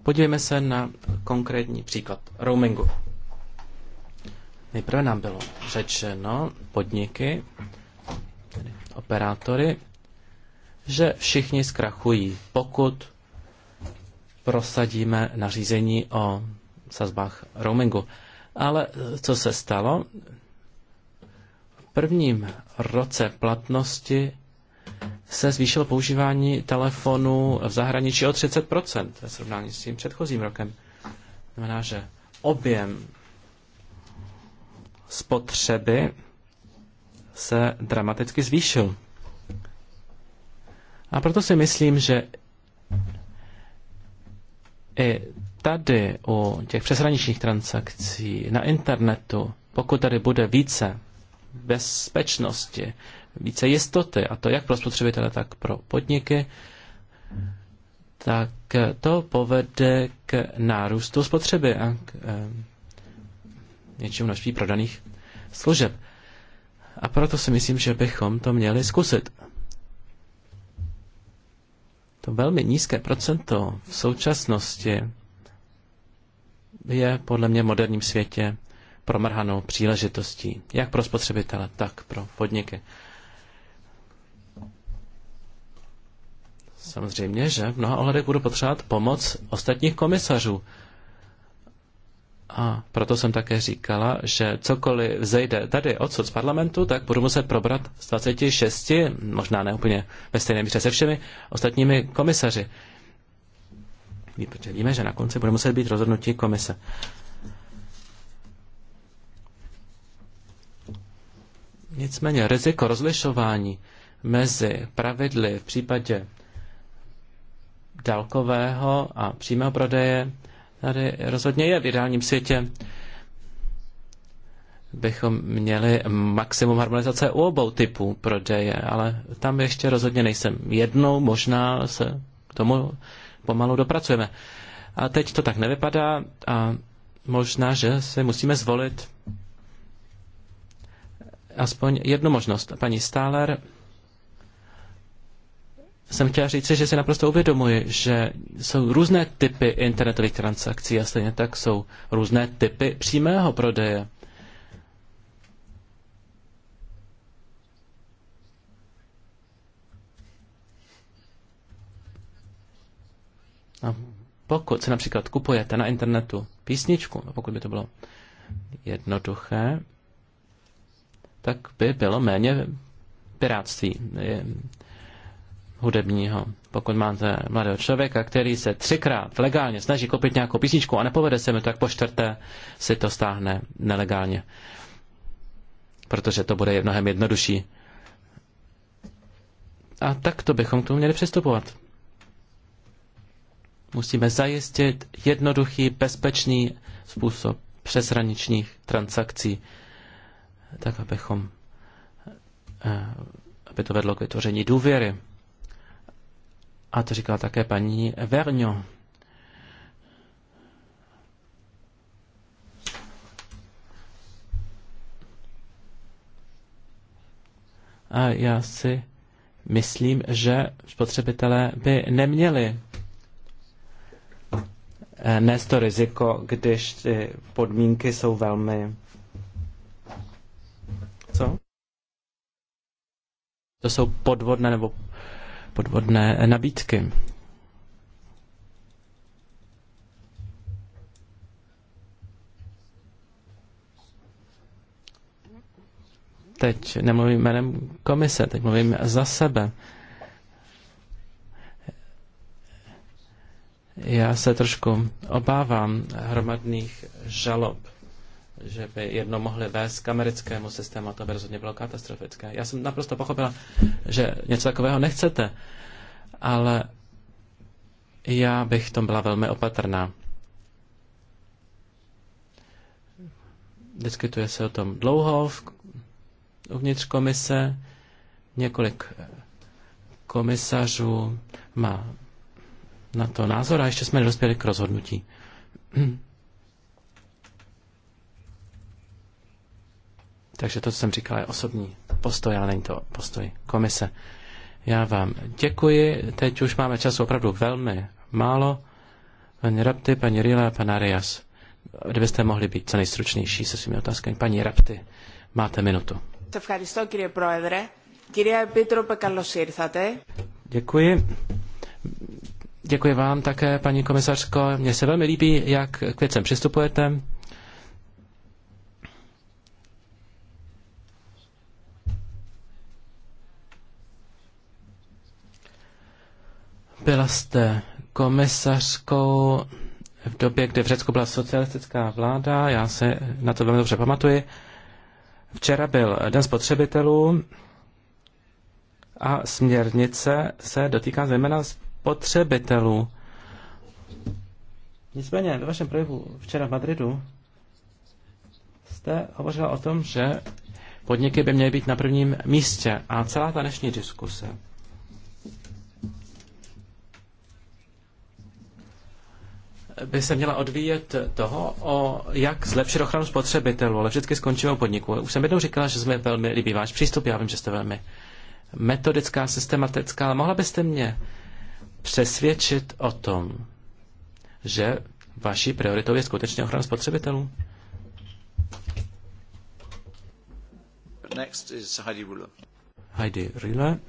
Podívejme se na konkrétní příklad roamingu. Nejprve nám bylo řečeno podniky, tedy operátory, že všichni zkrachují, pokud prosadíme nařízení o sazbách roamingu. Ale co se stalo? V prvním roce platnosti se zvýšilo používání telefonu v zahraničí o 30% ve srovnání s tím předchozím rokem. Znamená, že objem spotřeby se dramaticky zvýšil. A proto si myslím, že i tady u těch přeshraničních transakcí na internetu, pokud tady bude více bezpečnosti, více jistoty, a to jak pro spotřebitele, tak pro podniky, tak to povede k nárůstu spotřeby a k eh, něčemu množství prodaných služeb. A proto si myslím, že bychom to měli zkusit. To velmi nízké procento v současnosti je podle mě v moderním světě promrhanou příležitostí, jak pro spotřebitele, tak pro podniky. Samozřejmě, že v mnoha ohledech budu potřebovat pomoc ostatních komisařů. A proto jsem také říkala, že cokoliv zejde tady odsud z parlamentu, tak budu muset probrat s 26, možná ne úplně ve stejné míře se všemi ostatními komisaři. My víme, že na konci bude muset být rozhodnutí komise. Nicméně riziko rozlišování mezi pravidly v případě dálkového a přímého prodeje tady rozhodně je. V ideálním světě bychom měli maximum harmonizace u obou typů prodeje, ale tam ještě rozhodně nejsem. Jednou možná se k tomu pomalu dopracujeme. A teď to tak nevypadá a možná, že si musíme zvolit aspoň jednu možnost. Paní Stáler jsem chtěla říct, že si naprosto uvědomuji, že jsou různé typy internetových transakcí a stejně tak jsou různé typy přímého prodeje. A pokud si například kupujete na internetu písničku, a pokud by to bylo jednoduché, tak by bylo méně piráctví hudebního. Pokud máte mladého člověka, který se třikrát legálně snaží koupit nějakou písničku a nepovede se mu, tak po čtvrté si to stáhne nelegálně. Protože to bude mnohem jednodušší. A tak to bychom k tomu měli přistupovat. Musíme zajistit jednoduchý, bezpečný způsob přeshraničních transakcí, tak abychom, eh, aby to vedlo k vytvoření důvěry. A to říkala také paní Verňo. A já si myslím, že spotřebitelé by neměli eh, nést to riziko, když ty podmínky jsou velmi... Co? To jsou podvodné nebo podvodné nabídky. Teď nemluvím jménem komise, teď mluvím za sebe. Já se trošku obávám hromadných žalob že by jedno mohli vést k americkému systému, a to by rozhodně bylo katastrofické. Já jsem naprosto pochopila, že něco takového nechcete, ale já bych v tom byla velmi opatrná. Diskutuje se o tom dlouho v, uvnitř komise. Několik eh, komisařů má na to názor a ještě jsme nedospěli k rozhodnutí. [clears throat] Takže to, co jsem říkal, je osobní postoj, ale není to postoj komise. Já vám děkuji. Teď už máme čas opravdu velmi málo. Paní Rapty, paní Rila, pan Arias. Kdybyste mohli být co nejstručnější se svými otázkami. Paní Rapty, máte minutu. Děkuji. Děkuji vám také, paní komisařko. Mně se velmi líbí, jak k věcem přistupujete. Byla jste komisařkou v době, kdy v Řecku byla socialistická vláda, já se na to velmi dobře pamatuji. Včera byl Den spotřebitelů a směrnice se dotýká zejména spotřebitelů. Nicméně ve vašem projevu včera v Madridu jste hovořila o tom, že podniky by měly být na prvním místě a celá ta dnešní diskuse by se měla odvíjet toho, o jak zlepšit ochranu spotřebitelů, ale vždycky skončíme u podniku. Už jsem jednou říkala, že jsme velmi líbí váš přístup, já vím, že jste velmi metodická, systematická, ale mohla byste mě přesvědčit o tom, že vaší prioritou je skutečně ochrana spotřebitelů? Next is Heidi Rühle. Heidi Rühle.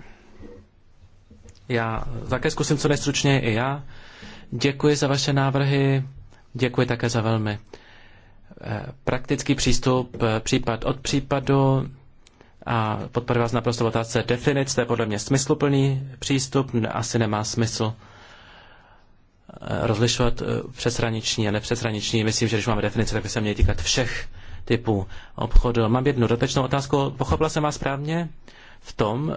Já také zkusím co nejstručněji i já. Děkuji za vaše návrhy, děkuji také za velmi eh, praktický přístup, eh, případ od případu a podporu vás naprosto v otázce definic, to je podle mě smysluplný přístup, asi nemá smysl eh, rozlišovat přeshraniční a nepřeshraniční. Myslím, že když máme definici, tak by se měly týkat všech typů obchodu. Mám jednu dotečnou otázku. Pochopila jsem vás správně v tom,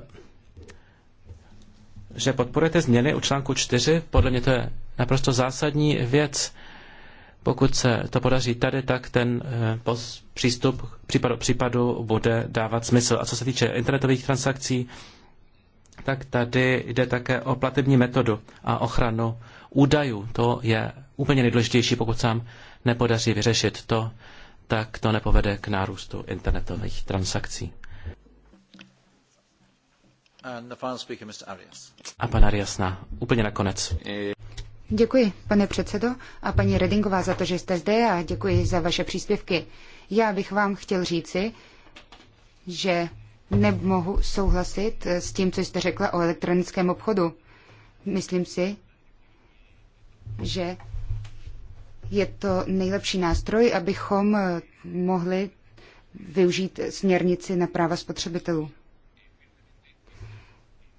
že podporujete změny u článku 4. Podle mě to je naprosto zásadní věc. Pokud se to podaří tady, tak ten eh, přístup případu případu bude dávat smysl. A co se týče internetových transakcí, tak tady jde také o platební metodu a ochranu údajů. To je úplně nejdůležitější, pokud sám nepodaří vyřešit to, tak to nepovede k nárůstu internetových transakcí. A pan Arias na úplně nakonec. Eh, Děkuji, pane předsedo, a paní Redingová za to, že jste zde a děkuji za vaše příspěvky. Já bych vám chtěl říci, že nemohu souhlasit s tím, co jste řekla o elektronickém obchodu. Myslím si, že je to nejlepší nástroj, abychom mohli využít směrnici na práva spotřebitelů.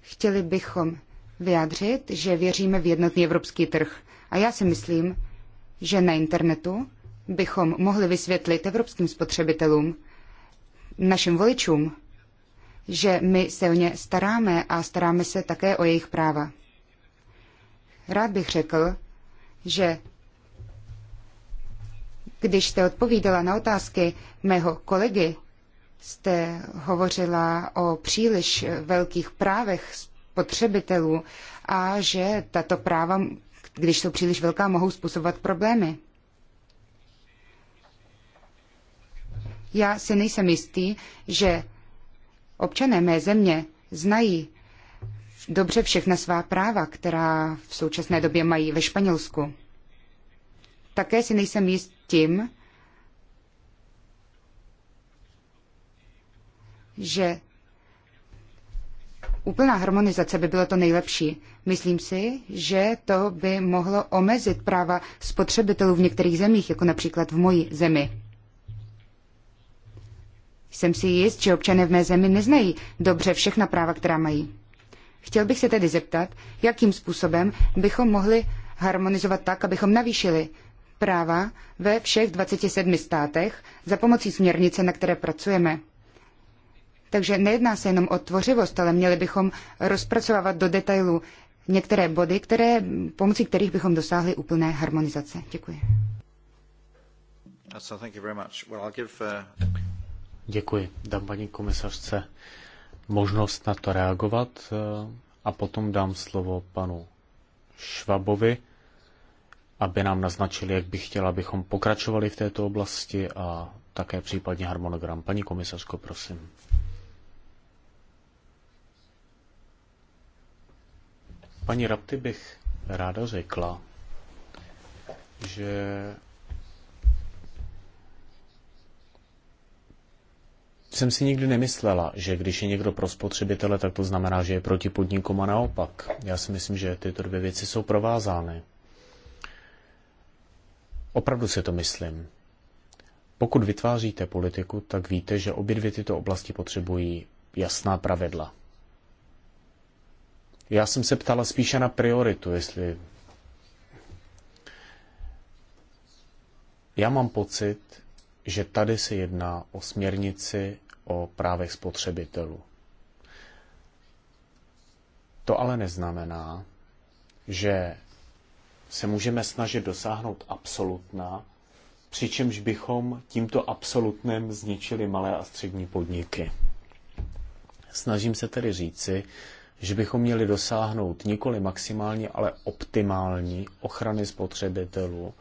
Chtěli bychom vyjádřit, že věříme v jednotný evropský trh. A já si myslím, že na internetu bychom mohli vysvětlit evropským spotřebitelům, našim voličům, že my se o ně staráme a staráme se také o jejich práva. Rád bych řekl, že když jste odpovídala na otázky mého kolegy, jste hovořila o příliš velkých právech spotřebitelů a že tato práva, když jsou příliš velká, mohou způsobovat problémy. Já si nejsem jistý, že občané mé země znají dobře všechna svá práva, která v současné době mají ve Španělsku. Také si nejsem jist tím, že Úplná harmonizace by bylo to nejlepší. Myslím si, že to by mohlo omezit práva spotřebitelů v některých zemích, jako například v mojí zemi. Jsem si jist, že občané v mé zemi neznají dobře všechna práva, která mají. Chtěl bych se tedy zeptat, jakým způsobem bychom mohli harmonizovat tak, abychom navýšili práva ve všech 27 státech za pomocí směrnice, na které pracujeme. Takže nejedná se jenom o tvořivost, ale měli bychom rozpracovávat do detailů některé body, které, pomocí kterých bychom dosáhli úplné harmonizace. Děkuji. Uh, Děkuji. Dám paní komisařce možnost na to reagovat eh, a potom dám slovo panu Švabovi, aby nám naznačili, jak bych chtěla, abychom pokračovali v této oblasti a také případně harmonogram. Paní komisařko, prosím. Paní Rapty bych ráda řekla, že jsem si nikdy nemyslela, že když je někdo pro spotřebitele, tak to znamená, že je proti podnikům a naopak. Já si myslím, že tyto dvě věci jsou provázány. Opravdu si to myslím. Pokud vytváříte politiku, tak víte, že obě dvě tyto oblasti potřebují jasná pravidla. Já jsem se ptala spíše na prioritu, jestli... Já mám pocit, že tady se jedná o směrnici o právech spotřebitelů. To ale neznamená, že se můžeme snažit dosáhnout absolutna, přičemž bychom tímto absolutnem zničili malé a střední podniky. Snažím se tedy říci, že bychom měli dosáhnout nikoli maximální, ale optimální ochrany spotřebitelů,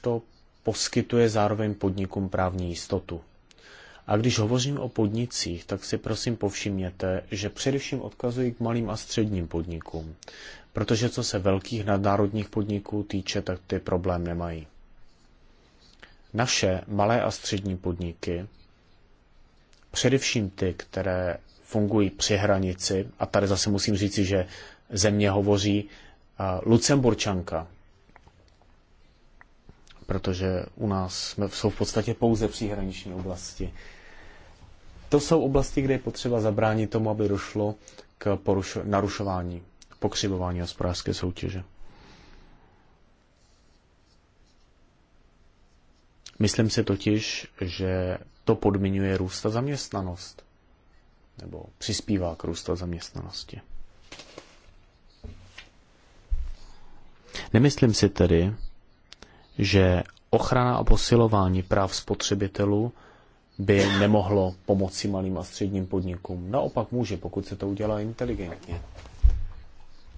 to poskytuje zároveň podnikům právní jistotu. A když hovořím o podnicích, tak si prosím povšimněte, že především odkazuji k malým a středním podnikům, protože co se velkých nadnárodních podniků týče, tak ty problém nemají. Naše malé a střední podniky, především ty, které fungují při hranici, a tady zase musím říci, že země hovoří eh, Lucemburčanka, protože u nás jsme, jsou v podstatě pouze příhraniční oblasti. To jsou oblasti, kde je potřeba zabránit tomu, aby došlo k porušo- narušování, pokřivování hospodářské soutěže. Myslím si totiž, že to podmiňuje růst a zaměstnanost nebo přispívá k růstu zaměstnanosti. Nemyslím si tedy, že ochrana a posilování práv spotřebitelů by nemohlo pomoci malým a středním podnikům. Naopak může, pokud se to udělá inteligentně.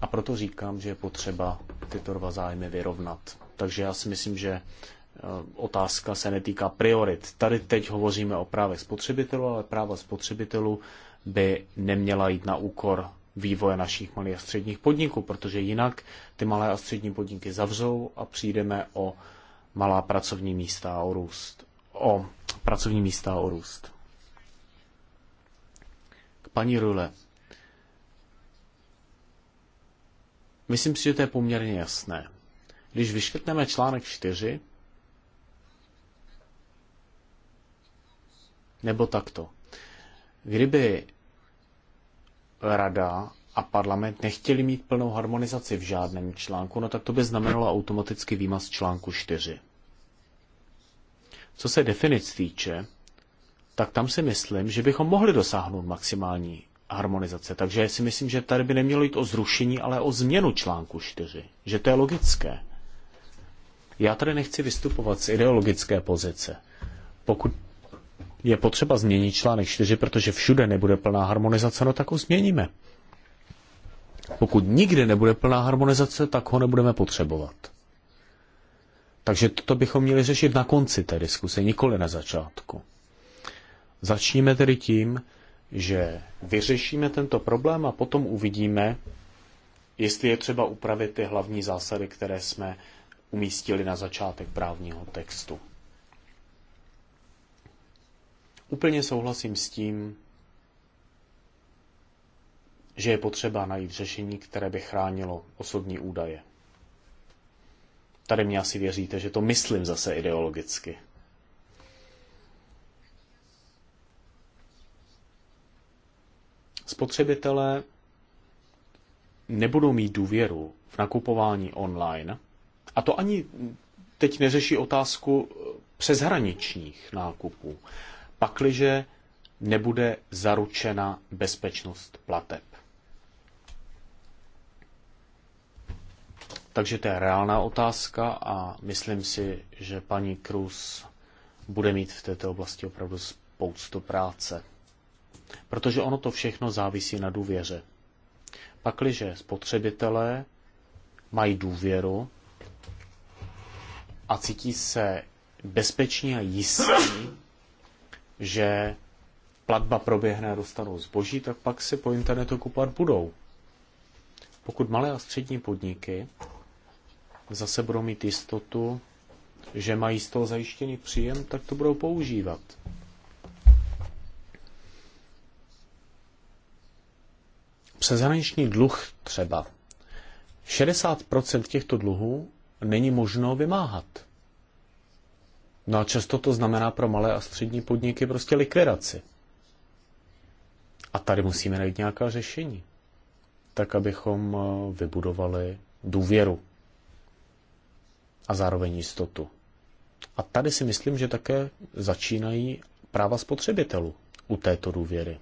A proto říkám, že je potřeba tyto dva zájmy vyrovnat. Takže já si myslím, že eh, otázka se netýká priorit. Tady teď hovoříme o právech spotřebitelů, ale práva spotřebitelů by neměla jít na úkor vývoje našich malých a středních podniků, protože jinak ty malé a střední podniky zavřou a přijdeme o malá pracovní místa a o růst. O pracovní místa a o růst. K paní Rule. Myslím si, že to je poměrně jasné. Když vyškrtneme článek 4, nebo takto. Kdyby rada a parlament nechtěli mít plnou harmonizaci v žádném článku, no tak to by znamenalo automaticky výmaz článku 4. Co se definic týče, tak tam si myslím, že bychom mohli dosáhnout maximální harmonizace. Takže si myslím, že tady by nemělo jít o zrušení, ale o změnu článku 4. Že to je logické. Já tady nechci vystupovat z ideologické pozice. Pokud je potřeba změnit článek 4, protože všude nebude plná harmonizace, no tak ho změníme. Pokud nikdy nebude plná harmonizace, tak ho nebudeme potřebovat. Takže toto bychom měli řešit na konci té diskuse, nikoli na začátku. Začníme tedy tím, že vyřešíme tento problém a potom uvidíme, jestli je třeba upravit ty hlavní zásady, které jsme umístili na začátek právního textu. Úplně souhlasím s tím, že je potřeba najít řešení, které by chránilo osobní údaje. Tady mě asi věříte, že to myslím zase ideologicky. Spotřebitelé nebudou mít důvěru v nakupování online, a to ani teď neřeší otázku přeshraničních nákupů pakliže nebude zaručena bezpečnost plateb. Takže to je reálná otázka a myslím si, že paní Cruz bude mít v této oblasti opravdu spoustu práce. Protože ono to všechno závisí na důvěře. Pakliže spotřebitelé mají důvěru a cítí se bezpeční a jistí že platba proběhne a dostanou zboží, tak pak si po internetu kupovat budou. Pokud malé a střední podniky zase budou mít jistotu, že mají z toho zajištěný příjem, tak to budou používat. Přezhraniční dluh třeba. 60% těchto dluhů není možno vymáhat. No a často to znamená pro malé a střední podniky prostě likvidaci. A tady musíme najít nějaká řešení, tak abychom eh, vybudovali důvěru a zároveň jistotu. A tady si myslím, že také začínají práva spotřebitelů u této důvěry.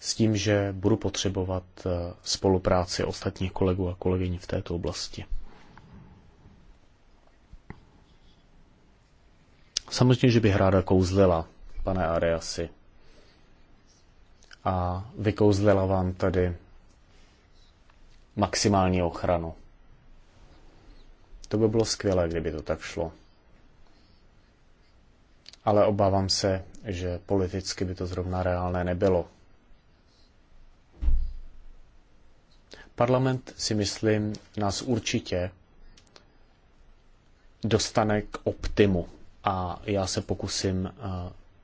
S tím, že budu potřebovat eh, spolupráci ostatních kolegů a kolegyň v této oblasti. Samozřejmě, že bych ráda kouzlila, pane Ariasi. A vykouzlila vám tady maximální ochranu. To by bylo skvělé, kdyby to tak šlo. Ale obávám se, že politicky by to zrovna reálné nebylo. Parlament, si myslím, nás určitě dostane k optimu a já se pokusím eh,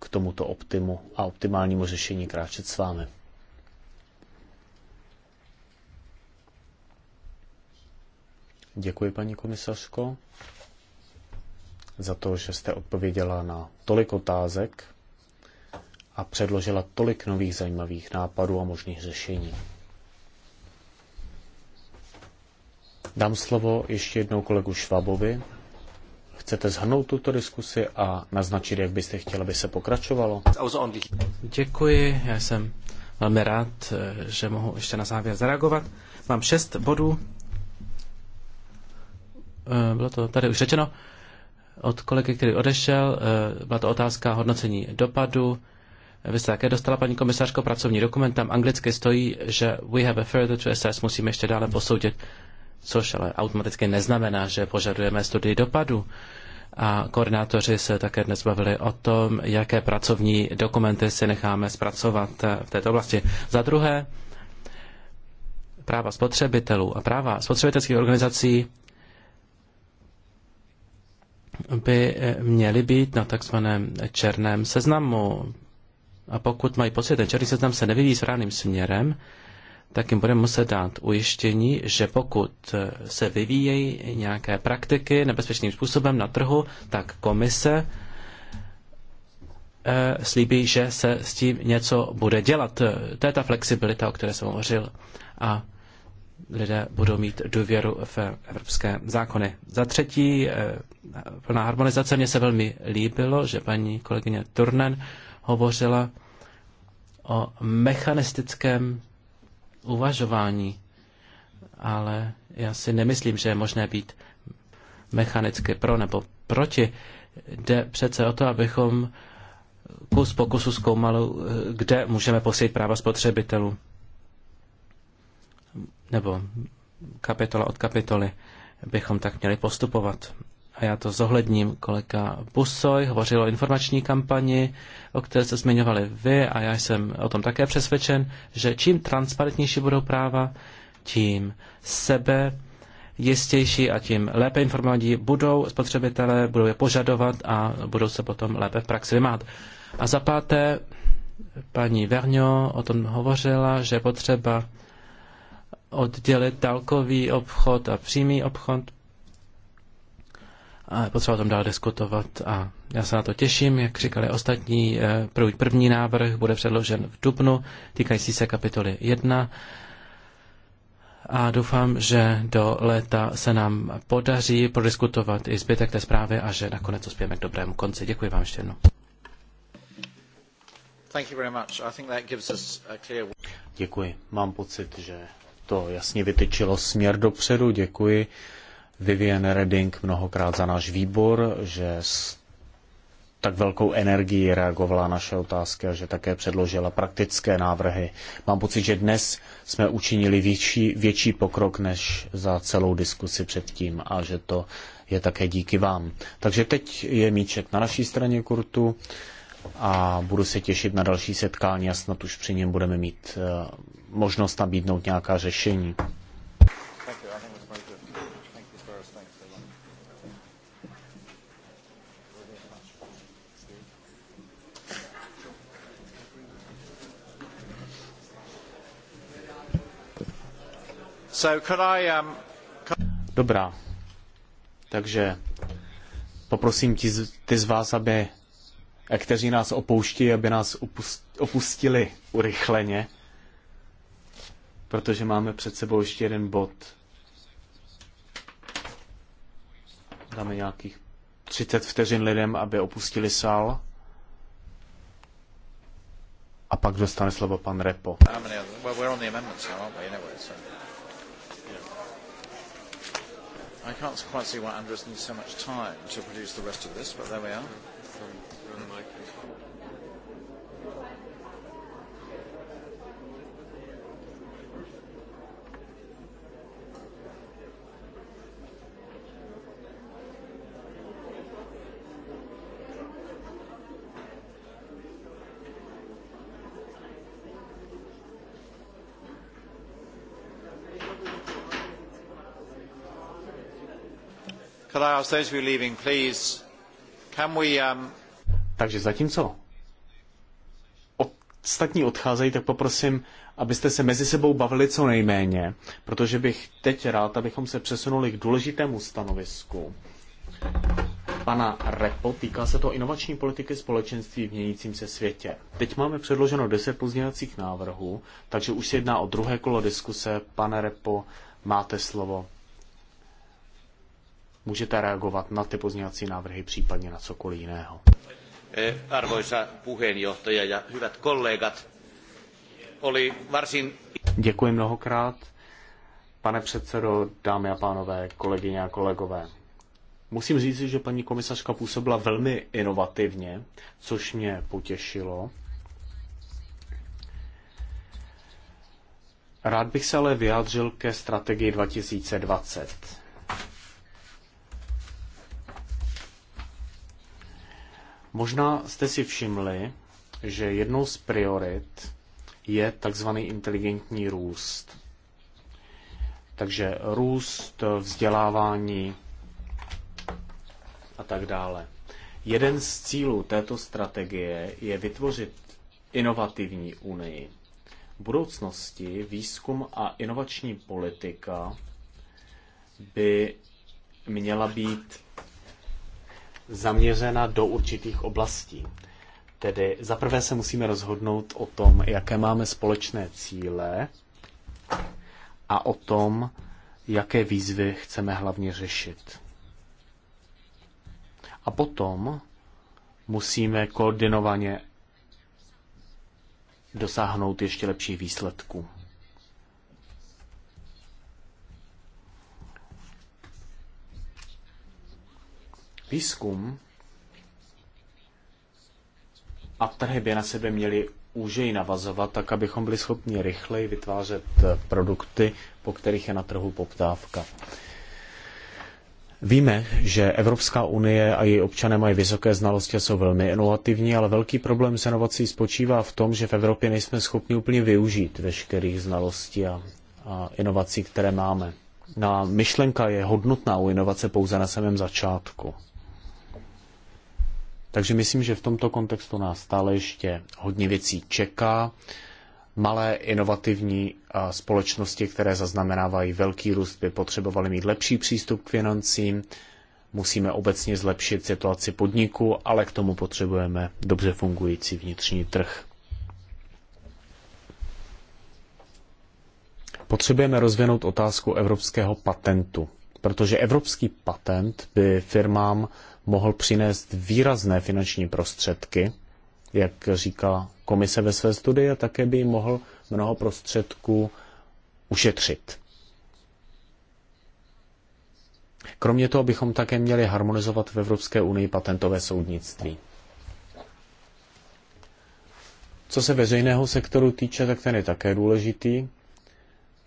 k tomuto optimu a optimálnímu řešení kráčet s vámi. Děkuji, paní komisařko, za to, že jste odpověděla na tolik otázek a předložila tolik nových zajímavých nápadů a možných řešení. Dám slovo ještě jednou kolegu Švabovi, Chcete zhrnout tuto diskusi a naznačit, jak byste chtěli, aby se pokračovalo? Děkuji, já jsem velmi rád, eh, že mohu ještě na závěr zareagovat. Mám šest bodů. Eh, bylo to tady už řečeno od kolegy, který odešel. Eh, byla to otázka hodnocení dopadu. Vy jste také dostala, paní komisařko, pracovní dokument. Tam anglicky stojí, že we have a further to assess, musíme ještě dále posoudit což ale automaticky neznamená, že požadujeme studii dopadu. A koordinátoři se také dnes bavili o tom, jaké pracovní dokumenty si necháme zpracovat v této oblasti. Za druhé, práva spotřebitelů a práva spotřebitelských organizací by měly být na takzvaném černém seznamu. A pokud mají pocit, ten černý seznam se nevyvíjí správným směrem, tak jim budeme muset dát ujištění, že pokud eh, se vyvíjejí nějaké praktiky nebezpečným způsobem na trhu, tak komise eh, slíbí, že se s tím něco bude dělat. To je ta flexibilita, o které jsem hovořil. A lidé budou mít důvěru v evropské zákony. Za třetí, eh, plná harmonizace. Mně se velmi líbilo, že paní kolegyně Turnen hovořila o mechanistickém uvažování, ale já si nemyslím, že je možné být mechanicky pro nebo proti. Jde přece o to, abychom kus po kusu zkoumali, kde můžeme posílit práva spotřebitelů. Nebo kapitola od kapitoly bychom tak měli postupovat a já to zohledním, kolega Busoj hovořil o informační kampani, o které se zmiňovali vy a já jsem o tom také přesvědčen, že čím transparentnější budou práva, tím sebe jistější a tím lépe informovaní budou spotřebitelé, budou je požadovat a budou se potom lépe v praxi vymát. A za páté, paní Verňo o tom hovořila, že je potřeba oddělit dálkový obchod a přímý obchod a potřeba o tom dál diskutovat a já se na to těším, jak říkali ostatní, eh, první návrh bude předložen v Dubnu, týkající se kapitoly 1 a doufám, že do léta se nám podaří prodiskutovat i zbytek té zprávy a že nakonec uspějeme k dobrému konci. Děkuji vám ještě jednou. Děkuji. Mám pocit, že to jasně vytyčilo směr dopředu. Děkuji Vivian Redding mnohokrát za náš výbor, že s tak velkou energií reagovala naše otázky a že také předložila praktické návrhy. Mám pocit, že dnes jsme učinili větší, větší pokrok než za celou diskusi předtím a že to je také díky vám. Takže teď je míček na naší straně kurtu a budu se těšit na další setkání a snad už při něm budeme mít eh, možnost nabídnout nějaká řešení. Um, Dobrá. Takže poprosím ti, ty z vás, aby, eh, kteří nás opouští, aby nás opustili urychleně, protože máme před sebou ještě jeden bod. Dáme nějakých 30 vteřin lidem, aby opustili sál. A pak dostane slovo pan Repo. I can't quite see why Andres needs so much time to produce the rest of this, but there we are. Um, takže zatímco ostatní odcházejí, tak poprosím, abyste se mezi sebou bavili co nejméně, protože bych teď rád, abychom se přesunuli k důležitému stanovisku pana Repo. Týká se to inovační politiky společenství v měnícím se světě. Teď máme předloženo 10 pozměňovacích návrhů, takže už se jedná o druhé kolo diskuse. Pane Repo, máte slovo můžete reagovat na ty pozměňovací návrhy, případně na cokoliv jiného. E, arvoisa puheenjohtaja ja hyvät kollegat, oli varsin... Děkuji mnohokrát. Pane předsedo, dámy a pánové, kolegyně a kolegové, musím říct, že paní komisařka působila velmi inovativně, což mě potěšilo. Rád bych se ale vyjádřil ke strategii 2020. Možná jste si všimli, že jednou z priorit je takzvaný inteligentní růst. Takže růst, vzdělávání a tak dále. Jeden z cílů této strategie je vytvořit inovativní unii. V budoucnosti výzkum a inovační politika by měla být zaměřena do určitých oblastí. Tedy zaprvé se musíme rozhodnout o tom, jaké máme společné cíle a o tom, jaké výzvy chceme hlavně řešit. A potom musíme koordinovaně dosáhnout ještě lepších výsledků. Výzkum a trhy by na sebe měly úžej navazovat, tak abychom byli schopni rychleji vytvářet eh, produkty, po kterých je na trhu poptávka. Víme, že Evropská unie a její občané mají vysoké znalosti a jsou velmi inovativní, ale velký problém s inovací spočívá v tom, že v Evropě nejsme schopni úplně využít veškerých znalostí a, a inovací, které máme. Na myšlenka je hodnotná u inovace pouze na samém začátku. Takže myslím, že v tomto kontextu nás stále ještě hodně věcí čeká. Malé inovativní společnosti, které zaznamenávají velký růst, by potřebovaly mít lepší přístup k financím. Musíme obecně zlepšit situaci podniku, ale k tomu potřebujeme dobře fungující vnitřní trh. Potřebujeme rozvinout otázku evropského patentu, protože evropský patent by firmám mohl přinést výrazné finanční prostředky, jak říká komise ve své studii, a také by mohl mnoho prostředků ušetřit. Kromě toho bychom také měli harmonizovat v Evropské unii patentové soudnictví. Co se veřejného sektoru týče, tak ten je také důležitý,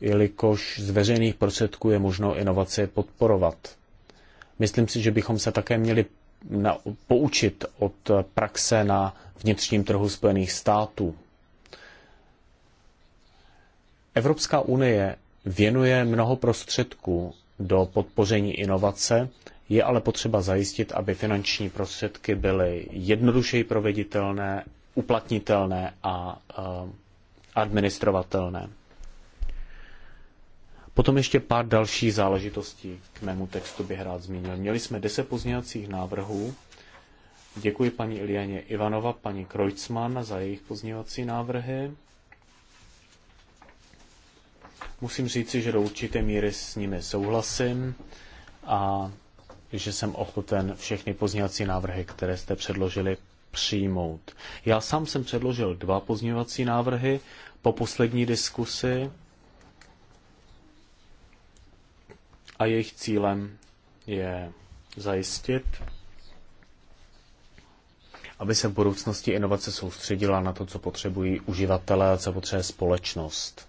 jelikož z veřejných prostředků je možno inovace podporovat. Myslím si, že bychom se také měli na, poučit od praxe na vnitřním trhu Spojených států. Evropská unie věnuje mnoho prostředků do podpoření inovace, je ale potřeba zajistit, aby finanční prostředky byly jednodušeji proveditelné, uplatnitelné a eh, administrovatelné. Potom ještě pár dalších záležitostí k mému textu bych rád zmínil. Měli jsme deset pozměňovacích návrhů. Děkuji paní Ilianě Ivanova, paní Krojcman za jejich pozměňovací návrhy. Musím říci, že do určité míry s nimi souhlasím a že jsem ochoten všechny pozměňovací návrhy, které jste předložili, přijmout. Já sám jsem předložil dva pozměňovací návrhy po poslední diskusi a jejich cílem je zajistit, aby se v budoucnosti inovace soustředila na to, co potřebují uživatelé a co potřebuje společnost.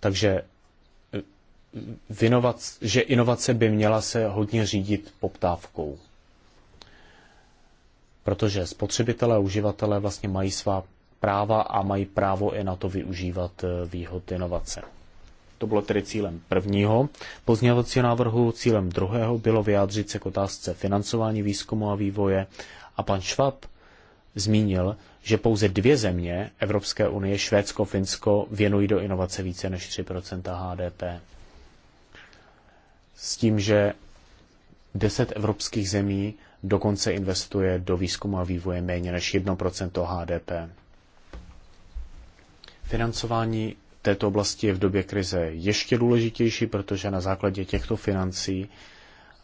Takže eh, vinovac, že inovace by měla se hodně řídit poptávkou. Protože spotřebitelé a uživatelé vlastně mají svá práva a mají právo i na to využívat eh, výhod inovace. To bylo tedy cílem prvního pozměňovacího návrhu. Cílem druhého bylo vyjádřit se k otázce financování výzkumu a vývoje. A pan Schwab zmínil, že pouze dvě země Evropské unie, Švédsko, Finsko, věnují do inovace více než 3 HDP. S tím, že 10 evropských zemí dokonce investuje do výzkumu a vývoje méně než 1 HDP. Financování této oblasti je v době krize ještě důležitější, protože na základě těchto financí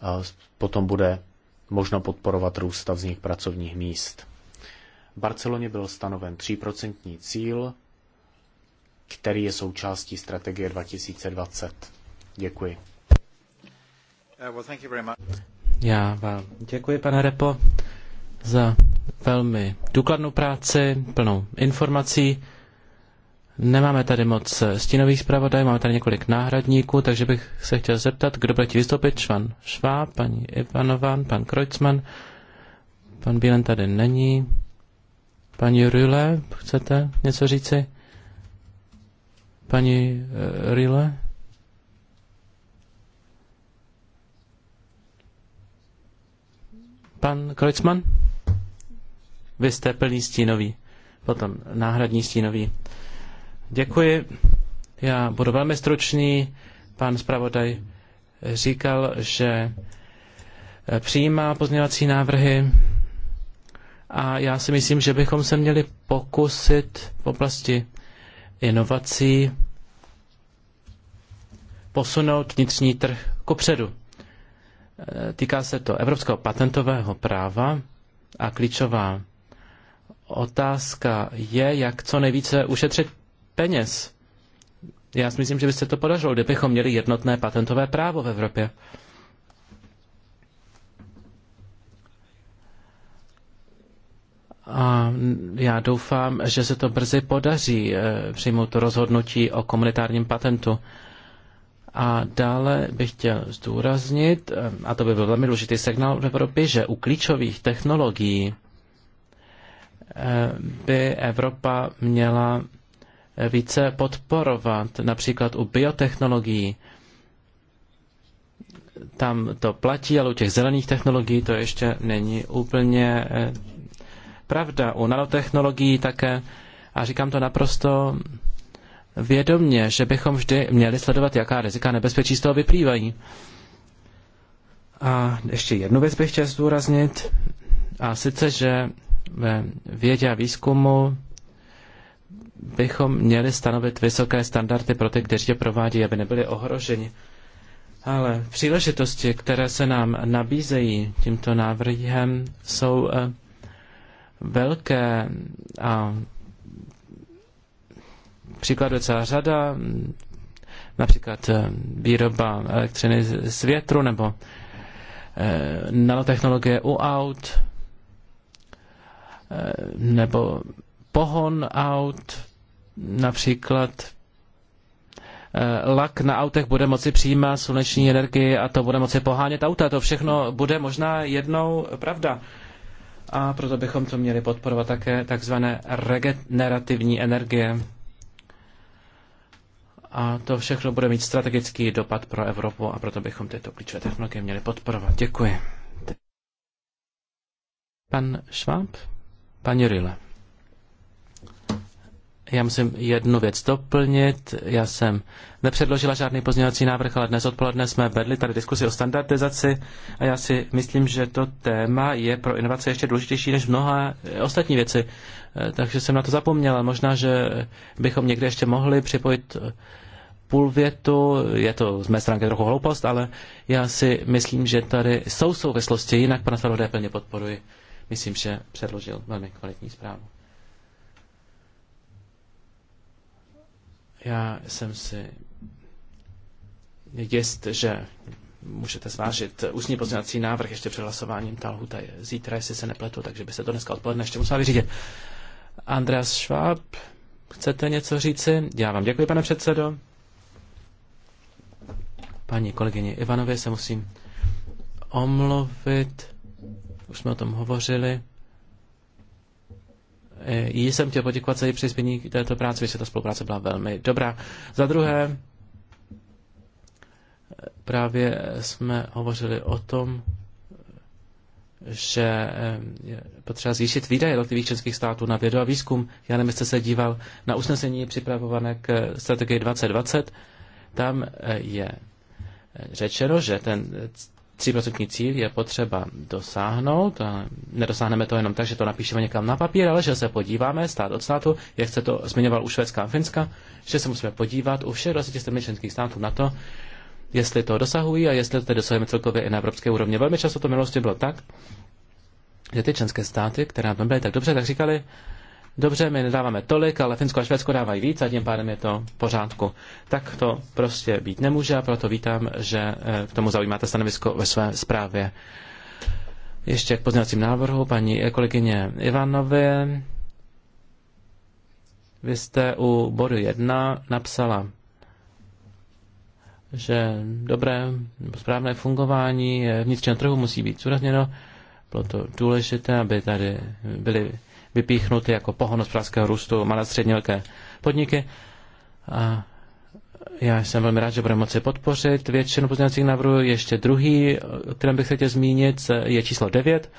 eh, potom bude možno podporovat růst a vznik pracovních míst. V Barceloně byl stanoven 3% cíl, který je součástí strategie 2020. Děkuji. Uh, Já vám děkuji, pane Repo, za velmi důkladnou práci, plnou informací. Nemáme tady moc eh, stínových zpravodajů, máme tady několik náhradníků, takže bych se chtěl zeptat, kdo bude ti vystoupit. Švan švá, paní Ivanován, pan Kreutzmann, pan Bílen tady není. Paní Rüle, chcete něco říci? Paní eh, Rüle? Pan Kreutzmann? Vy jste plný stínový, potom náhradní stínový. Děkuji. Já budu velmi stručný. Pan zpravodaj říkal, že přijímá pozměňovací návrhy a já si myslím, že bychom se měli pokusit v oblasti inovací posunout vnitřní trh kopředu. Týká se to evropského patentového práva a klíčová otázka je, jak co nejvíce ušetřit peněz. Já si myslím, že by se to podařilo, kdybychom měli jednotné patentové právo v Evropě. A já doufám, že se to brzy podaří eh, přijmout to rozhodnutí o komunitárním patentu. A dále bych chtěl zdůraznit, eh, a to by byl velmi důležitý signál v Evropě, že u klíčových technologií eh, by Evropa měla více podporovat, například u biotechnologií. Tam to platí, ale u těch zelených technologií to ještě není úplně eh, pravda. U nanotechnologií také, a říkám to naprosto vědomně, že bychom vždy měli sledovat, jaká rizika nebezpečí z toho vyplývají. A ještě jednu věc bych chtěl zdůraznit, a sice, že ve vědě a výzkumu bychom měli stanovit vysoké standardy pro ty, kteří je provádí, aby nebyli ohroženi. Ale příležitosti, které se nám nabízejí tímto návrhem, jsou eh, velké a příkladů je celá řada, hm, například eh, výroba elektřiny z větru nebo eh, nanotechnologie u aut nebo pohon aut, například eh, lak na autech bude moci přijímat sluneční energii a to bude moci pohánět auta. To všechno bude možná jednou pravda. A proto bychom to měli podporovat také takzvané regenerativní energie. A to všechno bude mít strategický dopad pro Evropu a proto bychom tyto klíčové technologie měli podporovat. Děkuji. Pan Schwab? Pan Jurile. Já musím jednu věc doplnit. Já jsem nepředložila žádný pozměňovací návrh, ale dnes odpoledne jsme vedli tady diskusi o standardizaci a já si myslím, že to téma je pro inovace ještě důležitější než mnoha ostatní věci. Eh, takže jsem na to zapomněla. Možná, že bychom někde ještě mohli připojit eh, půl větu. Je to z mé stránky trochu hloupost, ale já si myslím, že tady jsou souvislosti. Jinak pana Svaroda plně podporuji. Myslím, že předložil velmi kvalitní zprávu. Já jsem si jist, že můžete zvážit ústní pozměňovací návrh ještě před hlasováním. Ta lhuta je zítra, jestli se nepletu, takže by se to dneska odpoledne ještě musela vyřídit. Andreas Schwab, chcete něco říci? Já vám děkuji, pane předsedo. Paní kolegyně Ivanově se musím omluvit. Už jsme o tom hovořili jí eh, jsem chtěl poděkovat za její přispění k této práci, že ta spolupráce byla velmi dobrá. Za druhé, eh, právě jsme hovořili o tom, že eh, je potřeba zvýšit výdaje jednotlivých českých států na vědu a výzkum. Já nevím, jestli se díval na usnesení připravované k strategii 2020. Tam je řečeno, že ten tříprocentní cíl je potřeba dosáhnout. A nedosáhneme to jenom tak, že to napíšeme někam na papír, ale že se podíváme stát od státu, jak se to zmiňoval u Švédska a Finska, že se musíme podívat u všech 27 členských států na to, jestli to dosahují a jestli to dosahujeme celkově i na evropské úrovni. Velmi často to minulosti bylo tak, že ty členské státy, které byly tak dobře, tak říkali, dobře, my nedáváme tolik, ale Finsko a Švédsko dávají víc a tím pádem je to v pořádku. Tak to prostě být nemůže a proto vítám, že eh, k tomu zaujímáte stanovisko ve své zprávě. Ještě k pozměňovacím návrhu paní kolegyně Ivanové. Vy jste u bodu 1 napsala, že dobré správné fungování vnitřního trhu musí být zúrazněno. Bylo to důležité, aby tady byly vypíchnuty jako pohon hospodářského růstu malé středně velké podniky. A já jsem velmi rád, že budeme moci podpořit většinu pozměňovacích návrhů. Ještě druhý, o kterém bych chtěl zmínit, je číslo 9.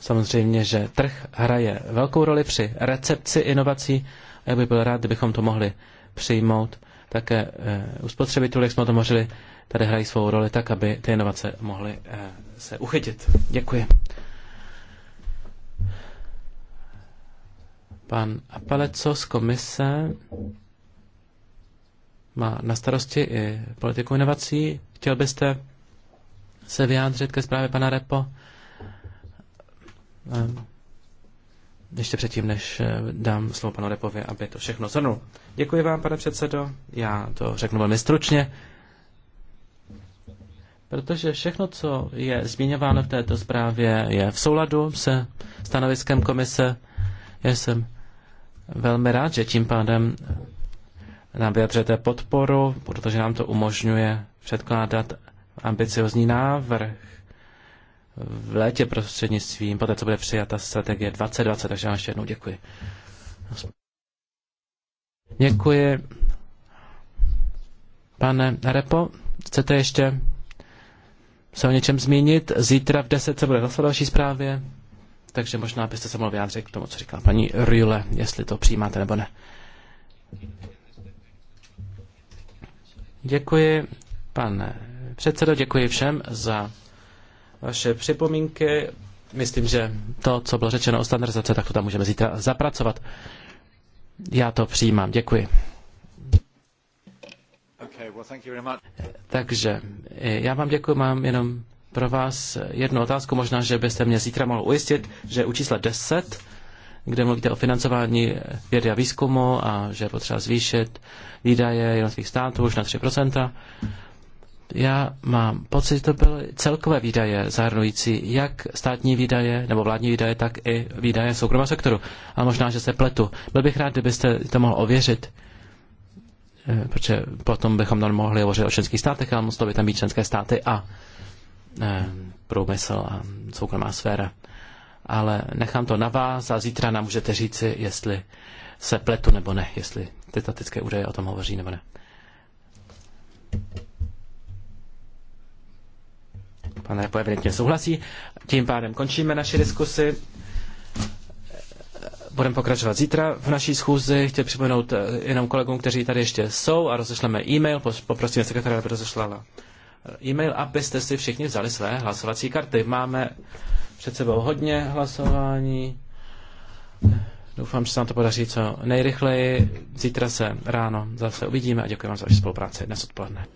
Samozřejmě, že trh hraje velkou roli při recepci inovací. Já bych byl rád, kdybychom to mohli přijmout. Také eh, u spotřebitelů, jak jsme to mohli, tady hrají svou roli tak, aby ty inovace mohly eh, se uchytit. Děkuji. Pan Apaleco z komise má na starosti i politiku inovací. Chtěl byste se vyjádřit ke zprávě pana Repo? Eh, ještě předtím, než eh, dám slovo panu Repovi, aby to všechno zhrnul. Děkuji vám, pane předsedo. Já to řeknu velmi stručně. Protože všechno, co je zmíněváno v této zprávě, je v souladu se stanoviskem komise. Já jsem velmi rád, že tím pádem nám vyjadřete podporu, protože nám to umožňuje předkládat ambiciozní návrh v létě prostřednictvím, poté co bude přijata strategie 2020, takže vám ještě jednou děkuji. Děkuji. Pane Repo, chcete ještě se o něčem zmínit? Zítra v 10 se bude hlasovat další zprávě. Takže možná byste se mohl vyjádřit k tomu, co říkala paní Rüle, jestli to přijímáte nebo ne. Děkuji, pane předsedo, děkuji všem za vaše připomínky. Myslím, že to, co bylo řečeno o standardizace, tak to tam můžeme zítra zapracovat. Já to přijímám. Děkuji. Takže eh, já vám děkuji, mám jenom pro vás jednu otázku, možná, že byste mě zítra mohl ujistit, že u čísla 10, kde mluvíte o financování vědy a výzkumu a že je potřeba zvýšit výdaje jednotlivých států už na 3%, já mám pocit, že to byly celkové výdaje zahrnující jak státní výdaje nebo vládní výdaje, tak i výdaje soukromého sektoru. A možná, že se pletu. Byl bych rád, kdybyste to mohl ověřit, eh, protože potom bychom tam mohli hovořit o členských státech, ale muselo by tam být členské státy a Eh, průmysl a soukromá sféra. Ale nechám to na vás a zítra nám můžete říci, jestli se pletu nebo ne, jestli ty statické údaje o tom hovoří nebo ne. Pan Repo evidentně souhlasí. Tím pádem končíme naši diskusi. Budeme pokračovat zítra v naší schůzi. Chtěl připomenout eh, jenom kolegům, kteří tady ještě jsou a rozešleme e-mail. Poprosíme sekretáře, aby rozešlala e-mail, abyste si všichni vzali své hlasovací karty. Máme před sebou hodně hlasování. Doufám, že se nám to podaří co nejrychleji. Zítra se ráno zase uvidíme a děkuji vám za vaši spolupráci dnes odpoledne.